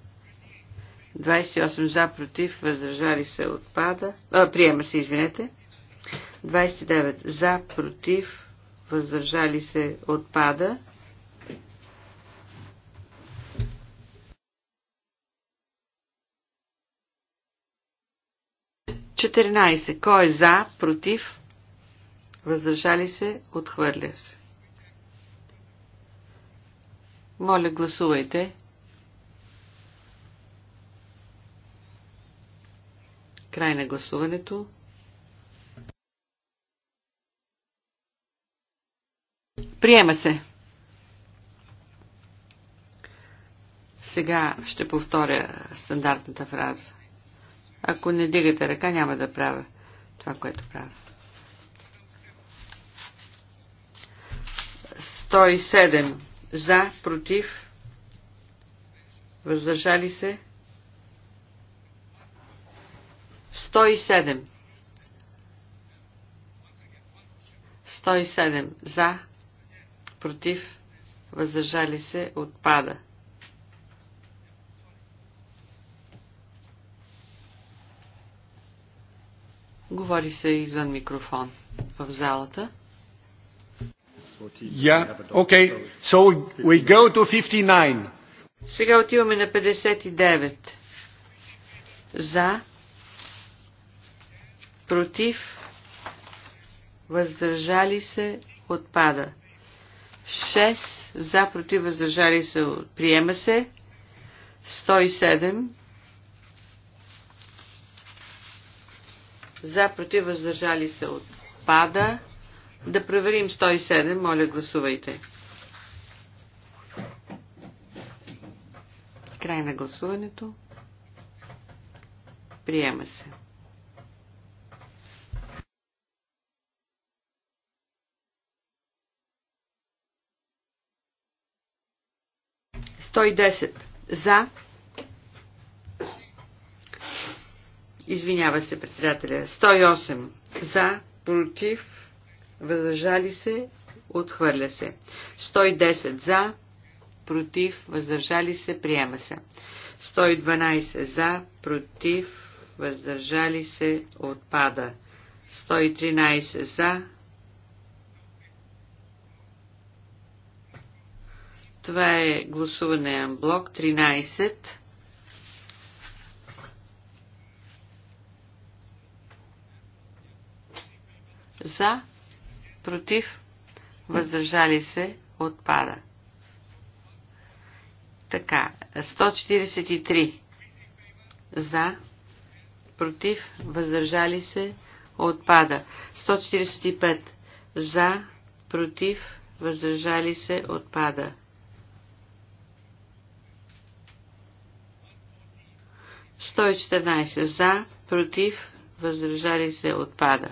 28 за, против, въздържали се, отпада. А, приема се, извинете. 29 за, против, въздържали се, отпада. 14. Кой е за, против, въздържали се, отхвърля се. Моля, гласувайте. Край на гласуването. Приема се. Сега ще повторя стандартната фраза. Ако не дигате ръка, няма да правя това, което правя. 107 за, против, въздържали се. 107. 107 за, против, въздържали се, отпада. 108. Говори се извън микрофон в залата. Yeah, So we go to 59. Сега отиваме на 59. За, против, въздържали се, отпада. 6 за, против, въздържали се, приема се. 107 За, против, въздържали се отпада. Да проверим 107. Моля, гласувайте. Край на гласуването. Приема се. Сто десет. За. Извинява се председателя. 108 за, против, въздържали се, отхвърля се. 110 за, против, въздържали се, приема се. 112 за, против, въздържали се, отпада. 113 за. Това е гласуване блок 13. За, против, въздържали се, отпада. Така, 143. За, против, въздържали се, отпада. 145. За, против, въздържали се, отпада. 114. За, против, въздържали се, отпада.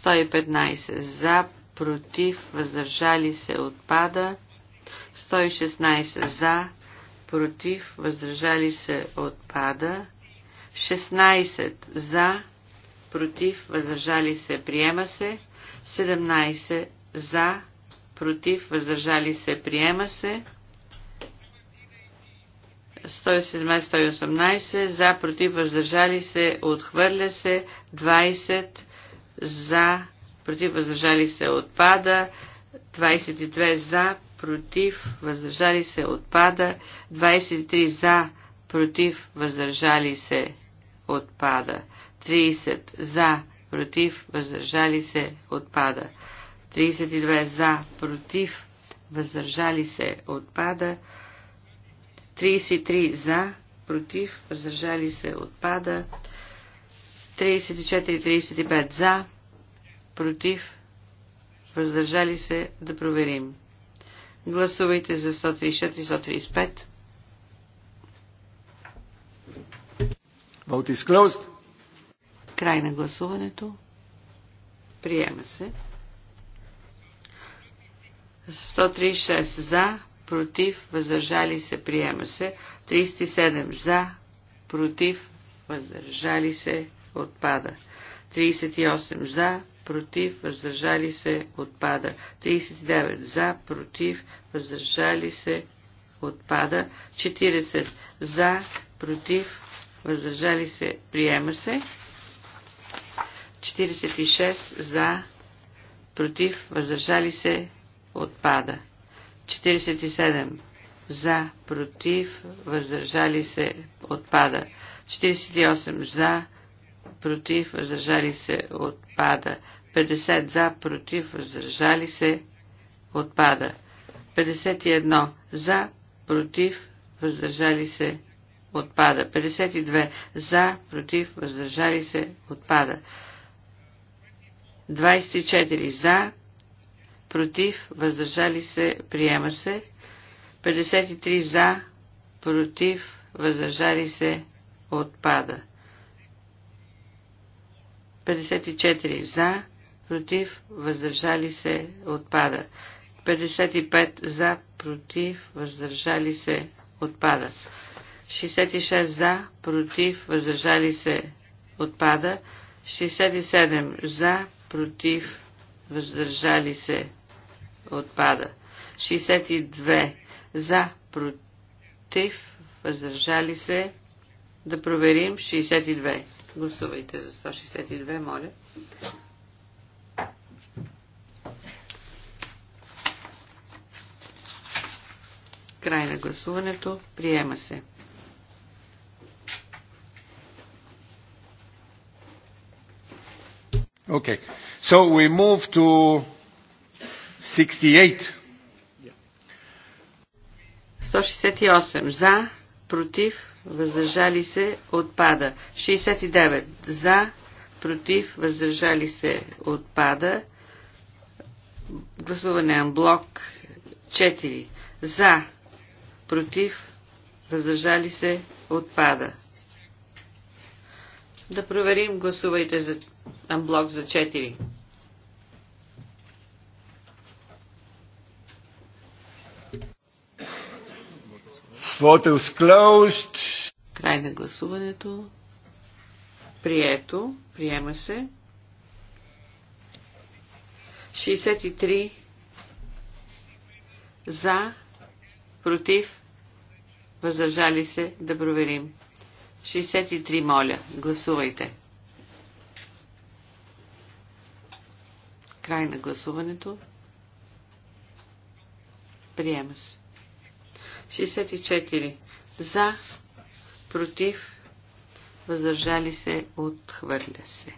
115 за, против, въздържали се, отпада. 116 за, против, въздържали се, отпада. 16 за, против, въздържали се, приема се. 17 за, против, въздържали се, приема се. 117-118, за, против, въздържали се, отхвърля се, 20 за, против, въздържали се, отпада. 22 за, против, въздържали се, отпада. 23 за, против, въздържали се, отпада. 30 за, против, въздържали се, отпада. 32 за, против, въздържали се, отпада. 33 за, против, въздържали се, отпада. 34-35 за, против, въздържали се да проверим. Гласувайте за 136 и 135. Vote is closed. Край на гласуването. Приема се. 136 за, против, въздържали се, приема се. 37 за, против, въздържали се, отпада. 38 за, против, въздържали се, отпада. 39 за, против, въздържали се, отпада. 40 за, против, въздържали се, приема се. 46 за, против, въздържали се, отпада. 47 за, против, въздържали се, отпада. 48 за, против, въздържали се, отпада. 50 за, против, въздържали се, отпада. 51 за, против, въздържали се, отпада. 52 за, против, въздържали се, отпада. 24 за, против, въздържали се, приема се. 53 за, против, въздържали се, отпада. 54 за, против, въздържали се, отпада. 55 за, против, въздържали се, отпада. 66 за, против, въздържали се, отпада. 67 за, против, въздържали се, отпада. 62 за, против, въздържали се, да проверим 62. Гласувайте за 162, моля. Край на гласуването. Приема се. Okay. So we move to 68. 168 за, против въздържали се, отпада. 69 за, против, въздържали се, отпада. Гласуване на блок 4 за, против, въздържали се, отпада. Да проверим, гласувайте за блок за 4. Вот е closed. Край на гласуването. Прието. Приема се. 63 за, против, въздържали се, да проверим. 63 моля, гласувайте. Край на гласуването. Приема се. 64. За, против, въздържали се, отхвърля се.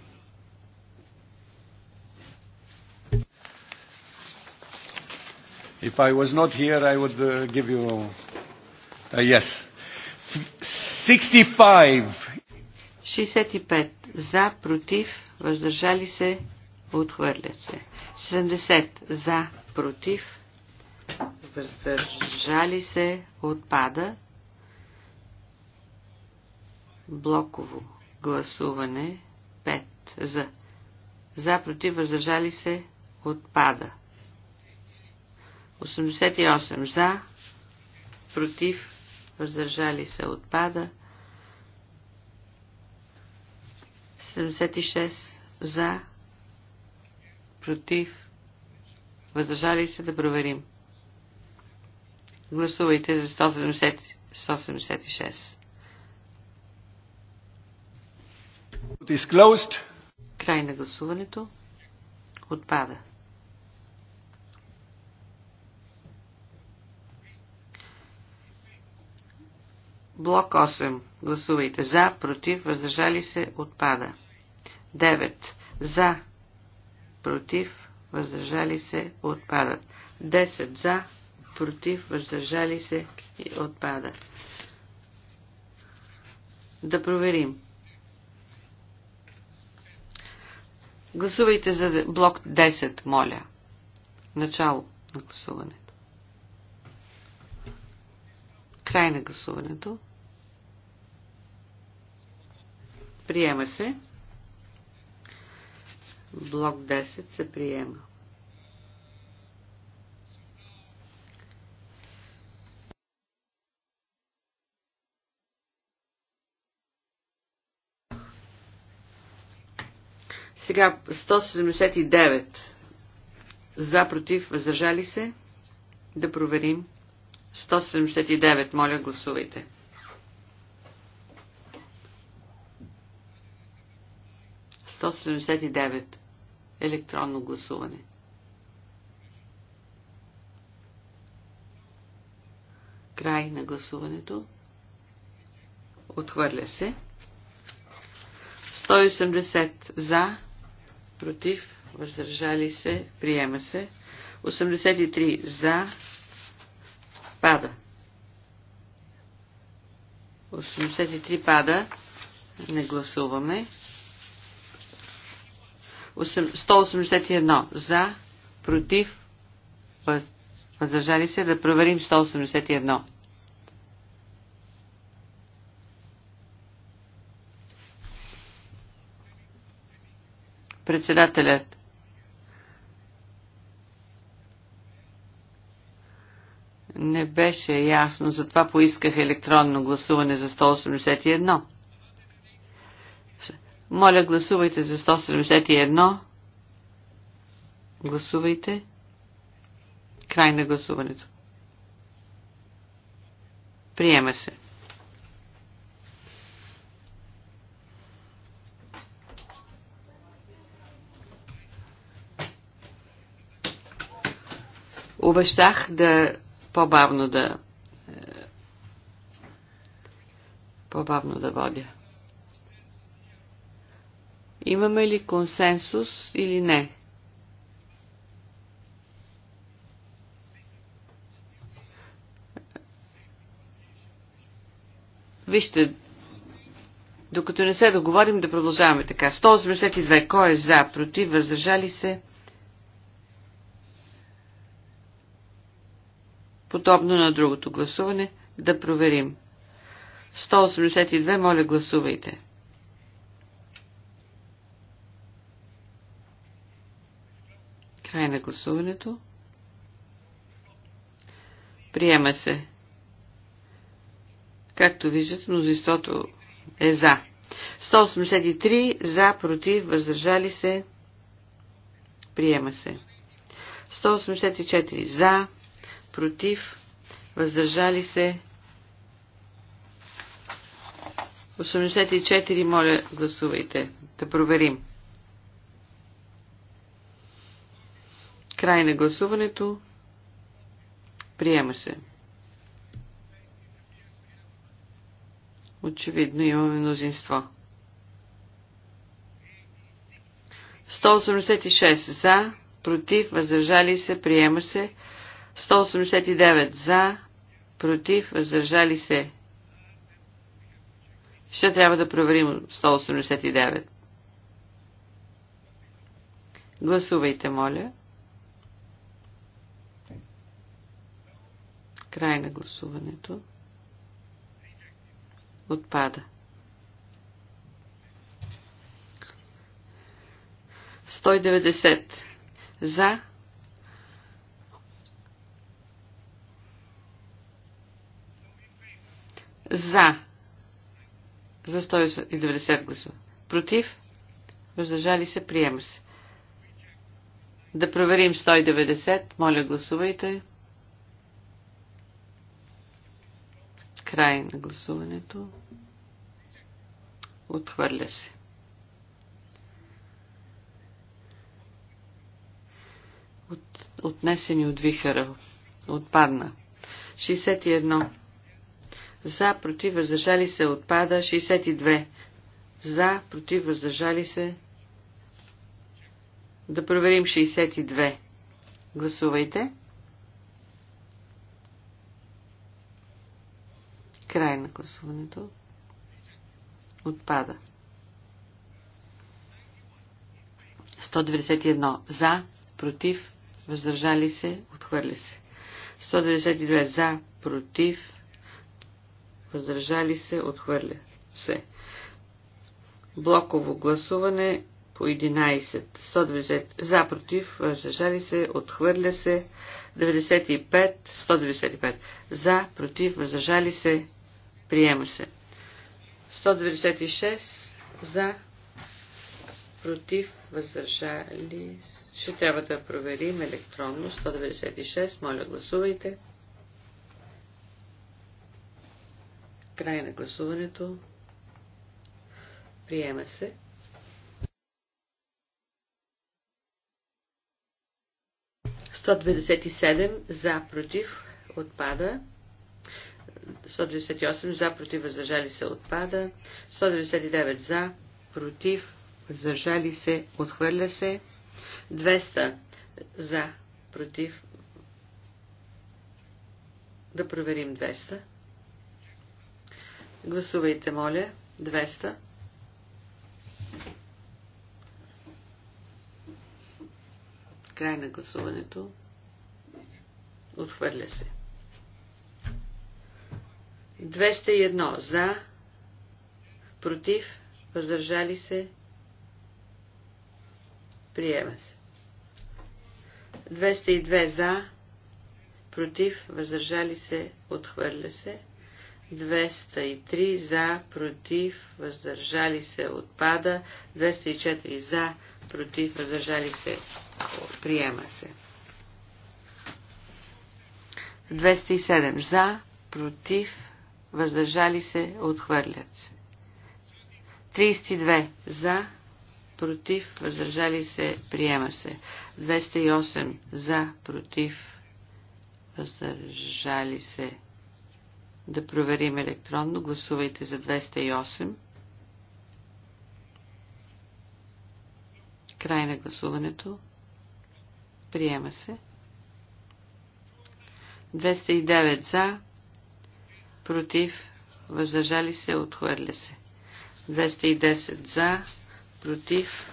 If I was not here, I would uh, give you a yes. 65. 65. За, против, въздържали се, отхвърлят се. 70. За, против, въздържали се, отпада. Блоково гласуване 5 за. За, против, въздържали се, отпада. 88 за, против, въздържали се, отпада. 76 за, против, въздържали се да проверим. Гласувайте за 176. Край на гласуването. Отпада. Блок 8. Гласувайте за, против, въздържали се, отпада. 9. За, против, въздържали се, отпадат. 10. За, против, въздържали се, и отпада. Да проверим. Гласувайте за блок 10, моля. Начало на гласуването. Край на гласуването. Приема се. Блок 10 се приема. Сега 179 за, против, въздържали се. Да проверим. 179, моля, гласувайте. Сто електронно гласуване. Край на гласуването. Отхвърля се. 180 за, против, въздържали се, приема се. 83 за, пада. 83 пада, не гласуваме. 181 за, против, въздържали се, да проверим 181. Председателят. Не беше ясно, затова поисках електронно гласуване за 181. Моля, гласувайте за 171. Гласувайте. Край на гласуването. Приема се. Обещах да по-бавно да е, по-бавно да водя. Имаме ли консенсус или не? Вижте, докато не се договорим да продължаваме така. 182. Кой е за? Против? Въздържали се? подобно на другото гласуване, да проверим. 182, моля гласувайте. Край на гласуването. Приема се. Както виждате, мнозинството е за. 183 за, против, въздържали се. Приема се. 184 за, против, въздържали се. 84, моля, гласувайте. Да проверим. Край на гласуването. Приема се. Очевидно имаме мнозинство. 186 за, против, въздържали се, приема се. 189 за, против, въздържали се. Ще трябва да проверим 189. Гласувайте, моля. Край на гласуването. Отпада. 190. За За. За 190 гласа. Против. Въздържали се. Приема се. Да проверим 190. Моля, гласувайте. Край на гласуването. Отхвърля се. От, отнесени от вихара. Отпадна. 61. За, против, въздържали се, отпада. 62. За, против, въздържали се. Да проверим 62. Гласувайте. Край на гласуването. Отпада. 191. За, против, въздържали се, отхвърли се. 192. За, против, въздържали се, отхвърля се. Блоково гласуване по 11. 120 за, против, въздържали се, отхвърля се. 95, 195 за, против, въздържали се, приема се. 196 за, против, въздържали се. Ще трябва да проверим електронно. 196, моля гласувайте. Край на гласуването. Приема се. Сто за против отпада. 198 за против въздържали се отпада. 199 за против въздържали се отхвърля се. 200 за против. Да проверим 200. Гласувайте, моля. 200. Край на гласуването. Отхвърля се. 201 за, против, въздържали се, приема се. 202 за, против, въздържали се, отхвърля се. 203 за, против, въздържали се, отпада. 204 за, против, въздържали се, приема се. 207 за, против, въздържали се, отхвърлят се. 32 за, против, въздържали се, приема се. 208 за, против, въздържали се, да проверим електронно. Гласувайте за 208. Край на гласуването. Приема се. 209 за, против, въздържали се, отхвърля се. 210 за, против,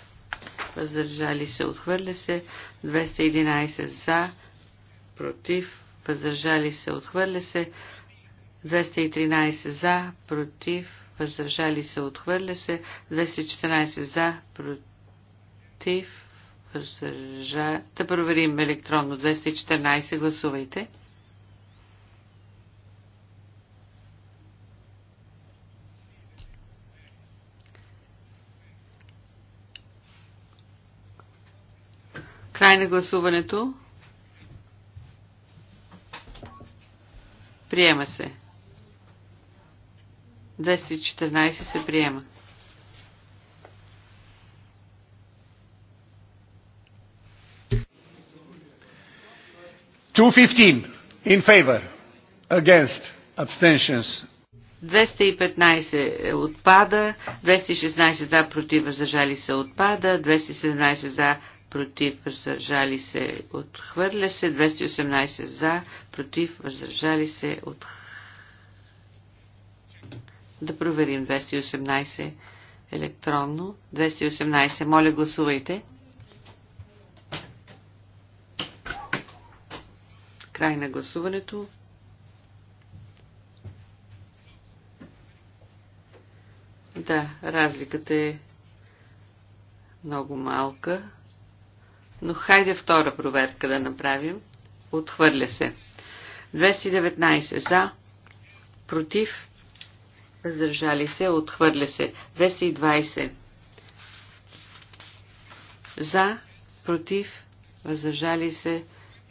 въздържали се, отхвърля се. 211 за, против, въздържали се, отхвърля се. 213 за, против, въздържали се, отхвърля се. 214 за, против, въздържа... Да проверим електронно. 214 гласувайте. Край на гласуването. Приема се. 214 се приема. Two fifteen in favor, against, abstentions. 215 е, отпада, 216 за против, въздържали се отпада, 217 за против, въздържали се отхвърля се, 218 за против, въздържали се отхвърля да проверим 218 електронно. 218. Моля, гласувайте. Край на гласуването. Да, разликата е много малка. Но хайде втора проверка да направим. Отхвърля се. 219 за, против, въздържали се, отхвърля се. 220 за, против, въздържали се,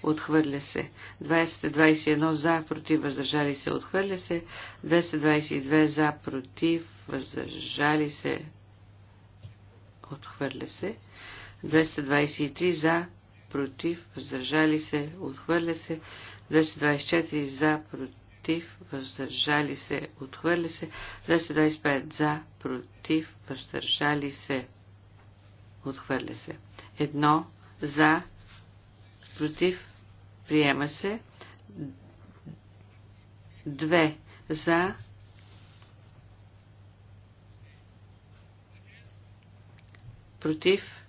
отхвърля се. 221 за, против, въздържали се, отхвърля се. 222 за, против, въздържали се, отхвърля се. 223 за, против, въздържали се, отхвърля се. 224 за, против, против, въздържали се, отхвърли се. 225 е за, против, въздържали се, отхвърли се. Едно за, против, приема се. Две за, против,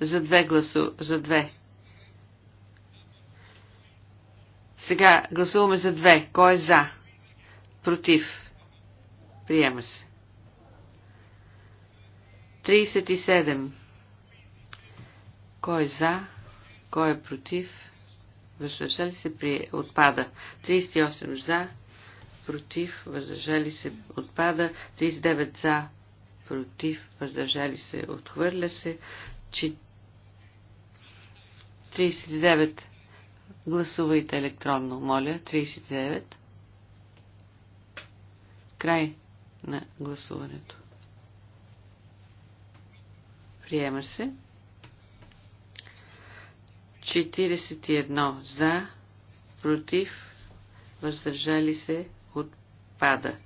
за две гласу, за две Сега гласуваме за две. Кой е за? Против. Приема се. 37. Кой е за? Кой е против? Въздържали се при... отпада. 38 за, против, въздържали се отпада. 39 за, против, въздържали се отхвърля се. 39 Гласувайте електронно, моля. 39. Край на гласуването. Приема се. 41 за, против, въздържали се, отпада.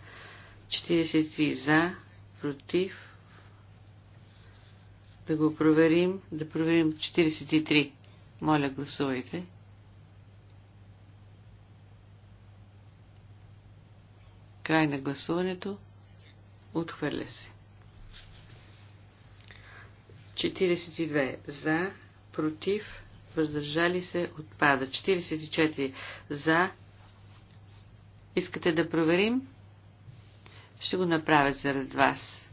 43 за, против. Да го проверим, да проверим 43. Моля, гласувайте. 43. Край на гласуването. Отхвърля се. 42 за, против, въздържали се, отпада. 44 за. Искате да проверим? Ще го направя заради вас.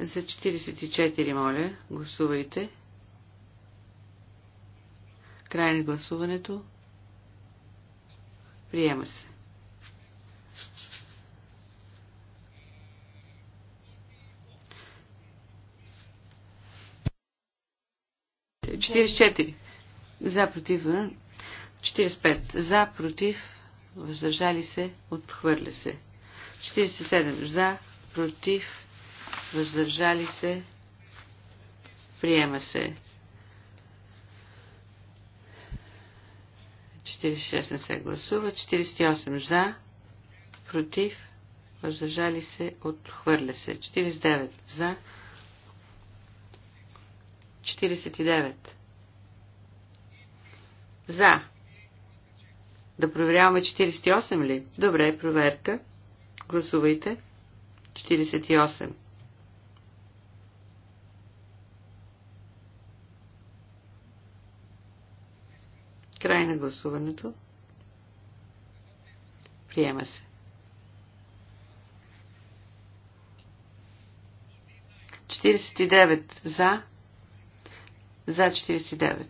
За 44, моля, гласувайте. Край на гласуването. Приема се. 44. За, против. 45. За, против. Въздържали се. Отхвърля се. 47. За, против. Въздържали се. Приема се. 46 не се гласува. 48 за. Против. Въздържали се. Отхвърля се. 49 за 49. За. Да проверяваме 48 ли? Добре, проверка. Гласувайте. 48. Край на гласуването. Приема се. 49 за, за 49.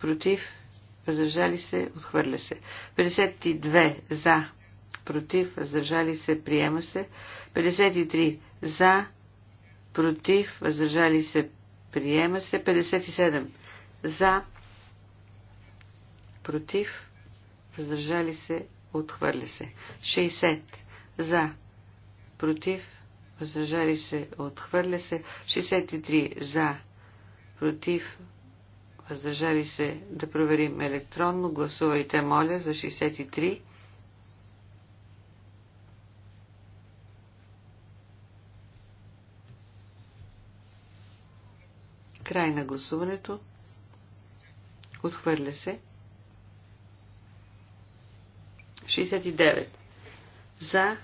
Против. Въздържали се. Отхвърля се. 52. За. Против. Въздържали се. Приема се. 53. За. Против. Въздържали се. Приема се. 57. За. Против. Въздържали се. Отхвърля се. 60. За. Против. Въздържали се. Отхвърля се. 63. За против, въздържали се да проверим електронно. Гласувайте, моля, за 63. Край на гласуването. Отхвърля се. 69. За,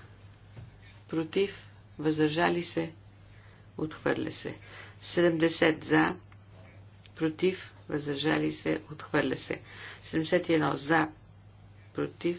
против, въздържали се, отхвърля се. 70 за, против, въздържали се, отхвърля се. 71 за, против,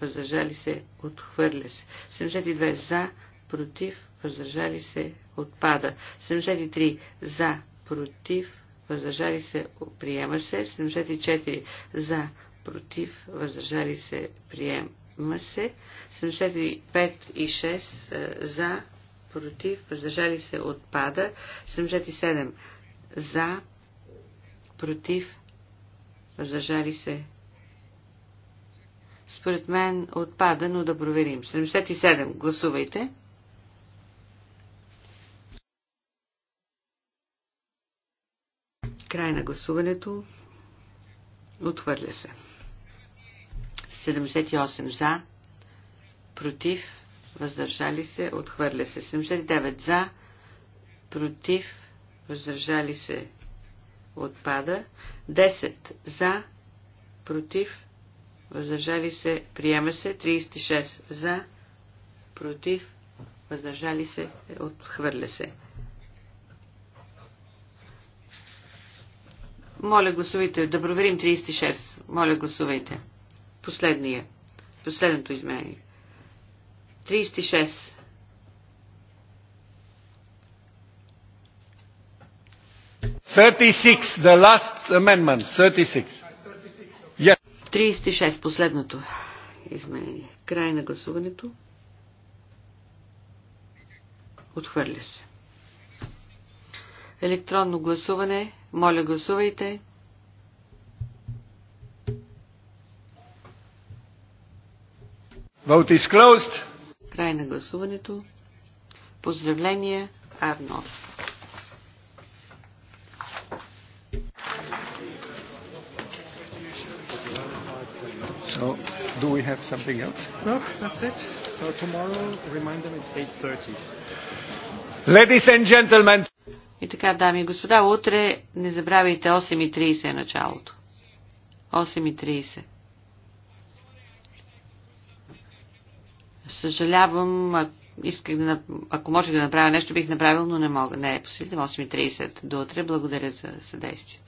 въздържали се, отхвърля се. 72 за, против, въздържали се, отпада. 73 за, против, въздържали се, приема се. 74 за, против, въздържали се, приема се. 75 и 6 е, за, против, въздържали се, отпада. 77 за, против, въздържали се. Според мен отпада, но да проверим. 77. Гласувайте. Край на гласуването. Отхвърля се. 78 за, против, въздържали се, отхвърля се. 79 за, против, въздържали се, отпада. 10 за, против, въздържали се, приема се. 36 за, против, въздържали се, отхвърля се. Моля, гласувайте. Да проверим 36. Моля, гласувайте. Последния. Последното изменение. 36. 36, the last amendment, 36. Yeah. 36, последното изменение. Край на гласуването. Отхвърля се. Електронно гласуване. Моля, гласувайте. Vote is closed. Край на гласуването. Поздравления, Арнолд. Do we have something else? No, that's it. So tomorrow, remind them it's 8.30. Ladies and gentlemen. И така, дами и господа, утре не забравяйте 8.30 е началото. 8.30. Съжалявам, исках да, ако можех да направя нещо, бих направил, но не мога. Не е посилен 8.30 до утре. Благодаря за съдействие.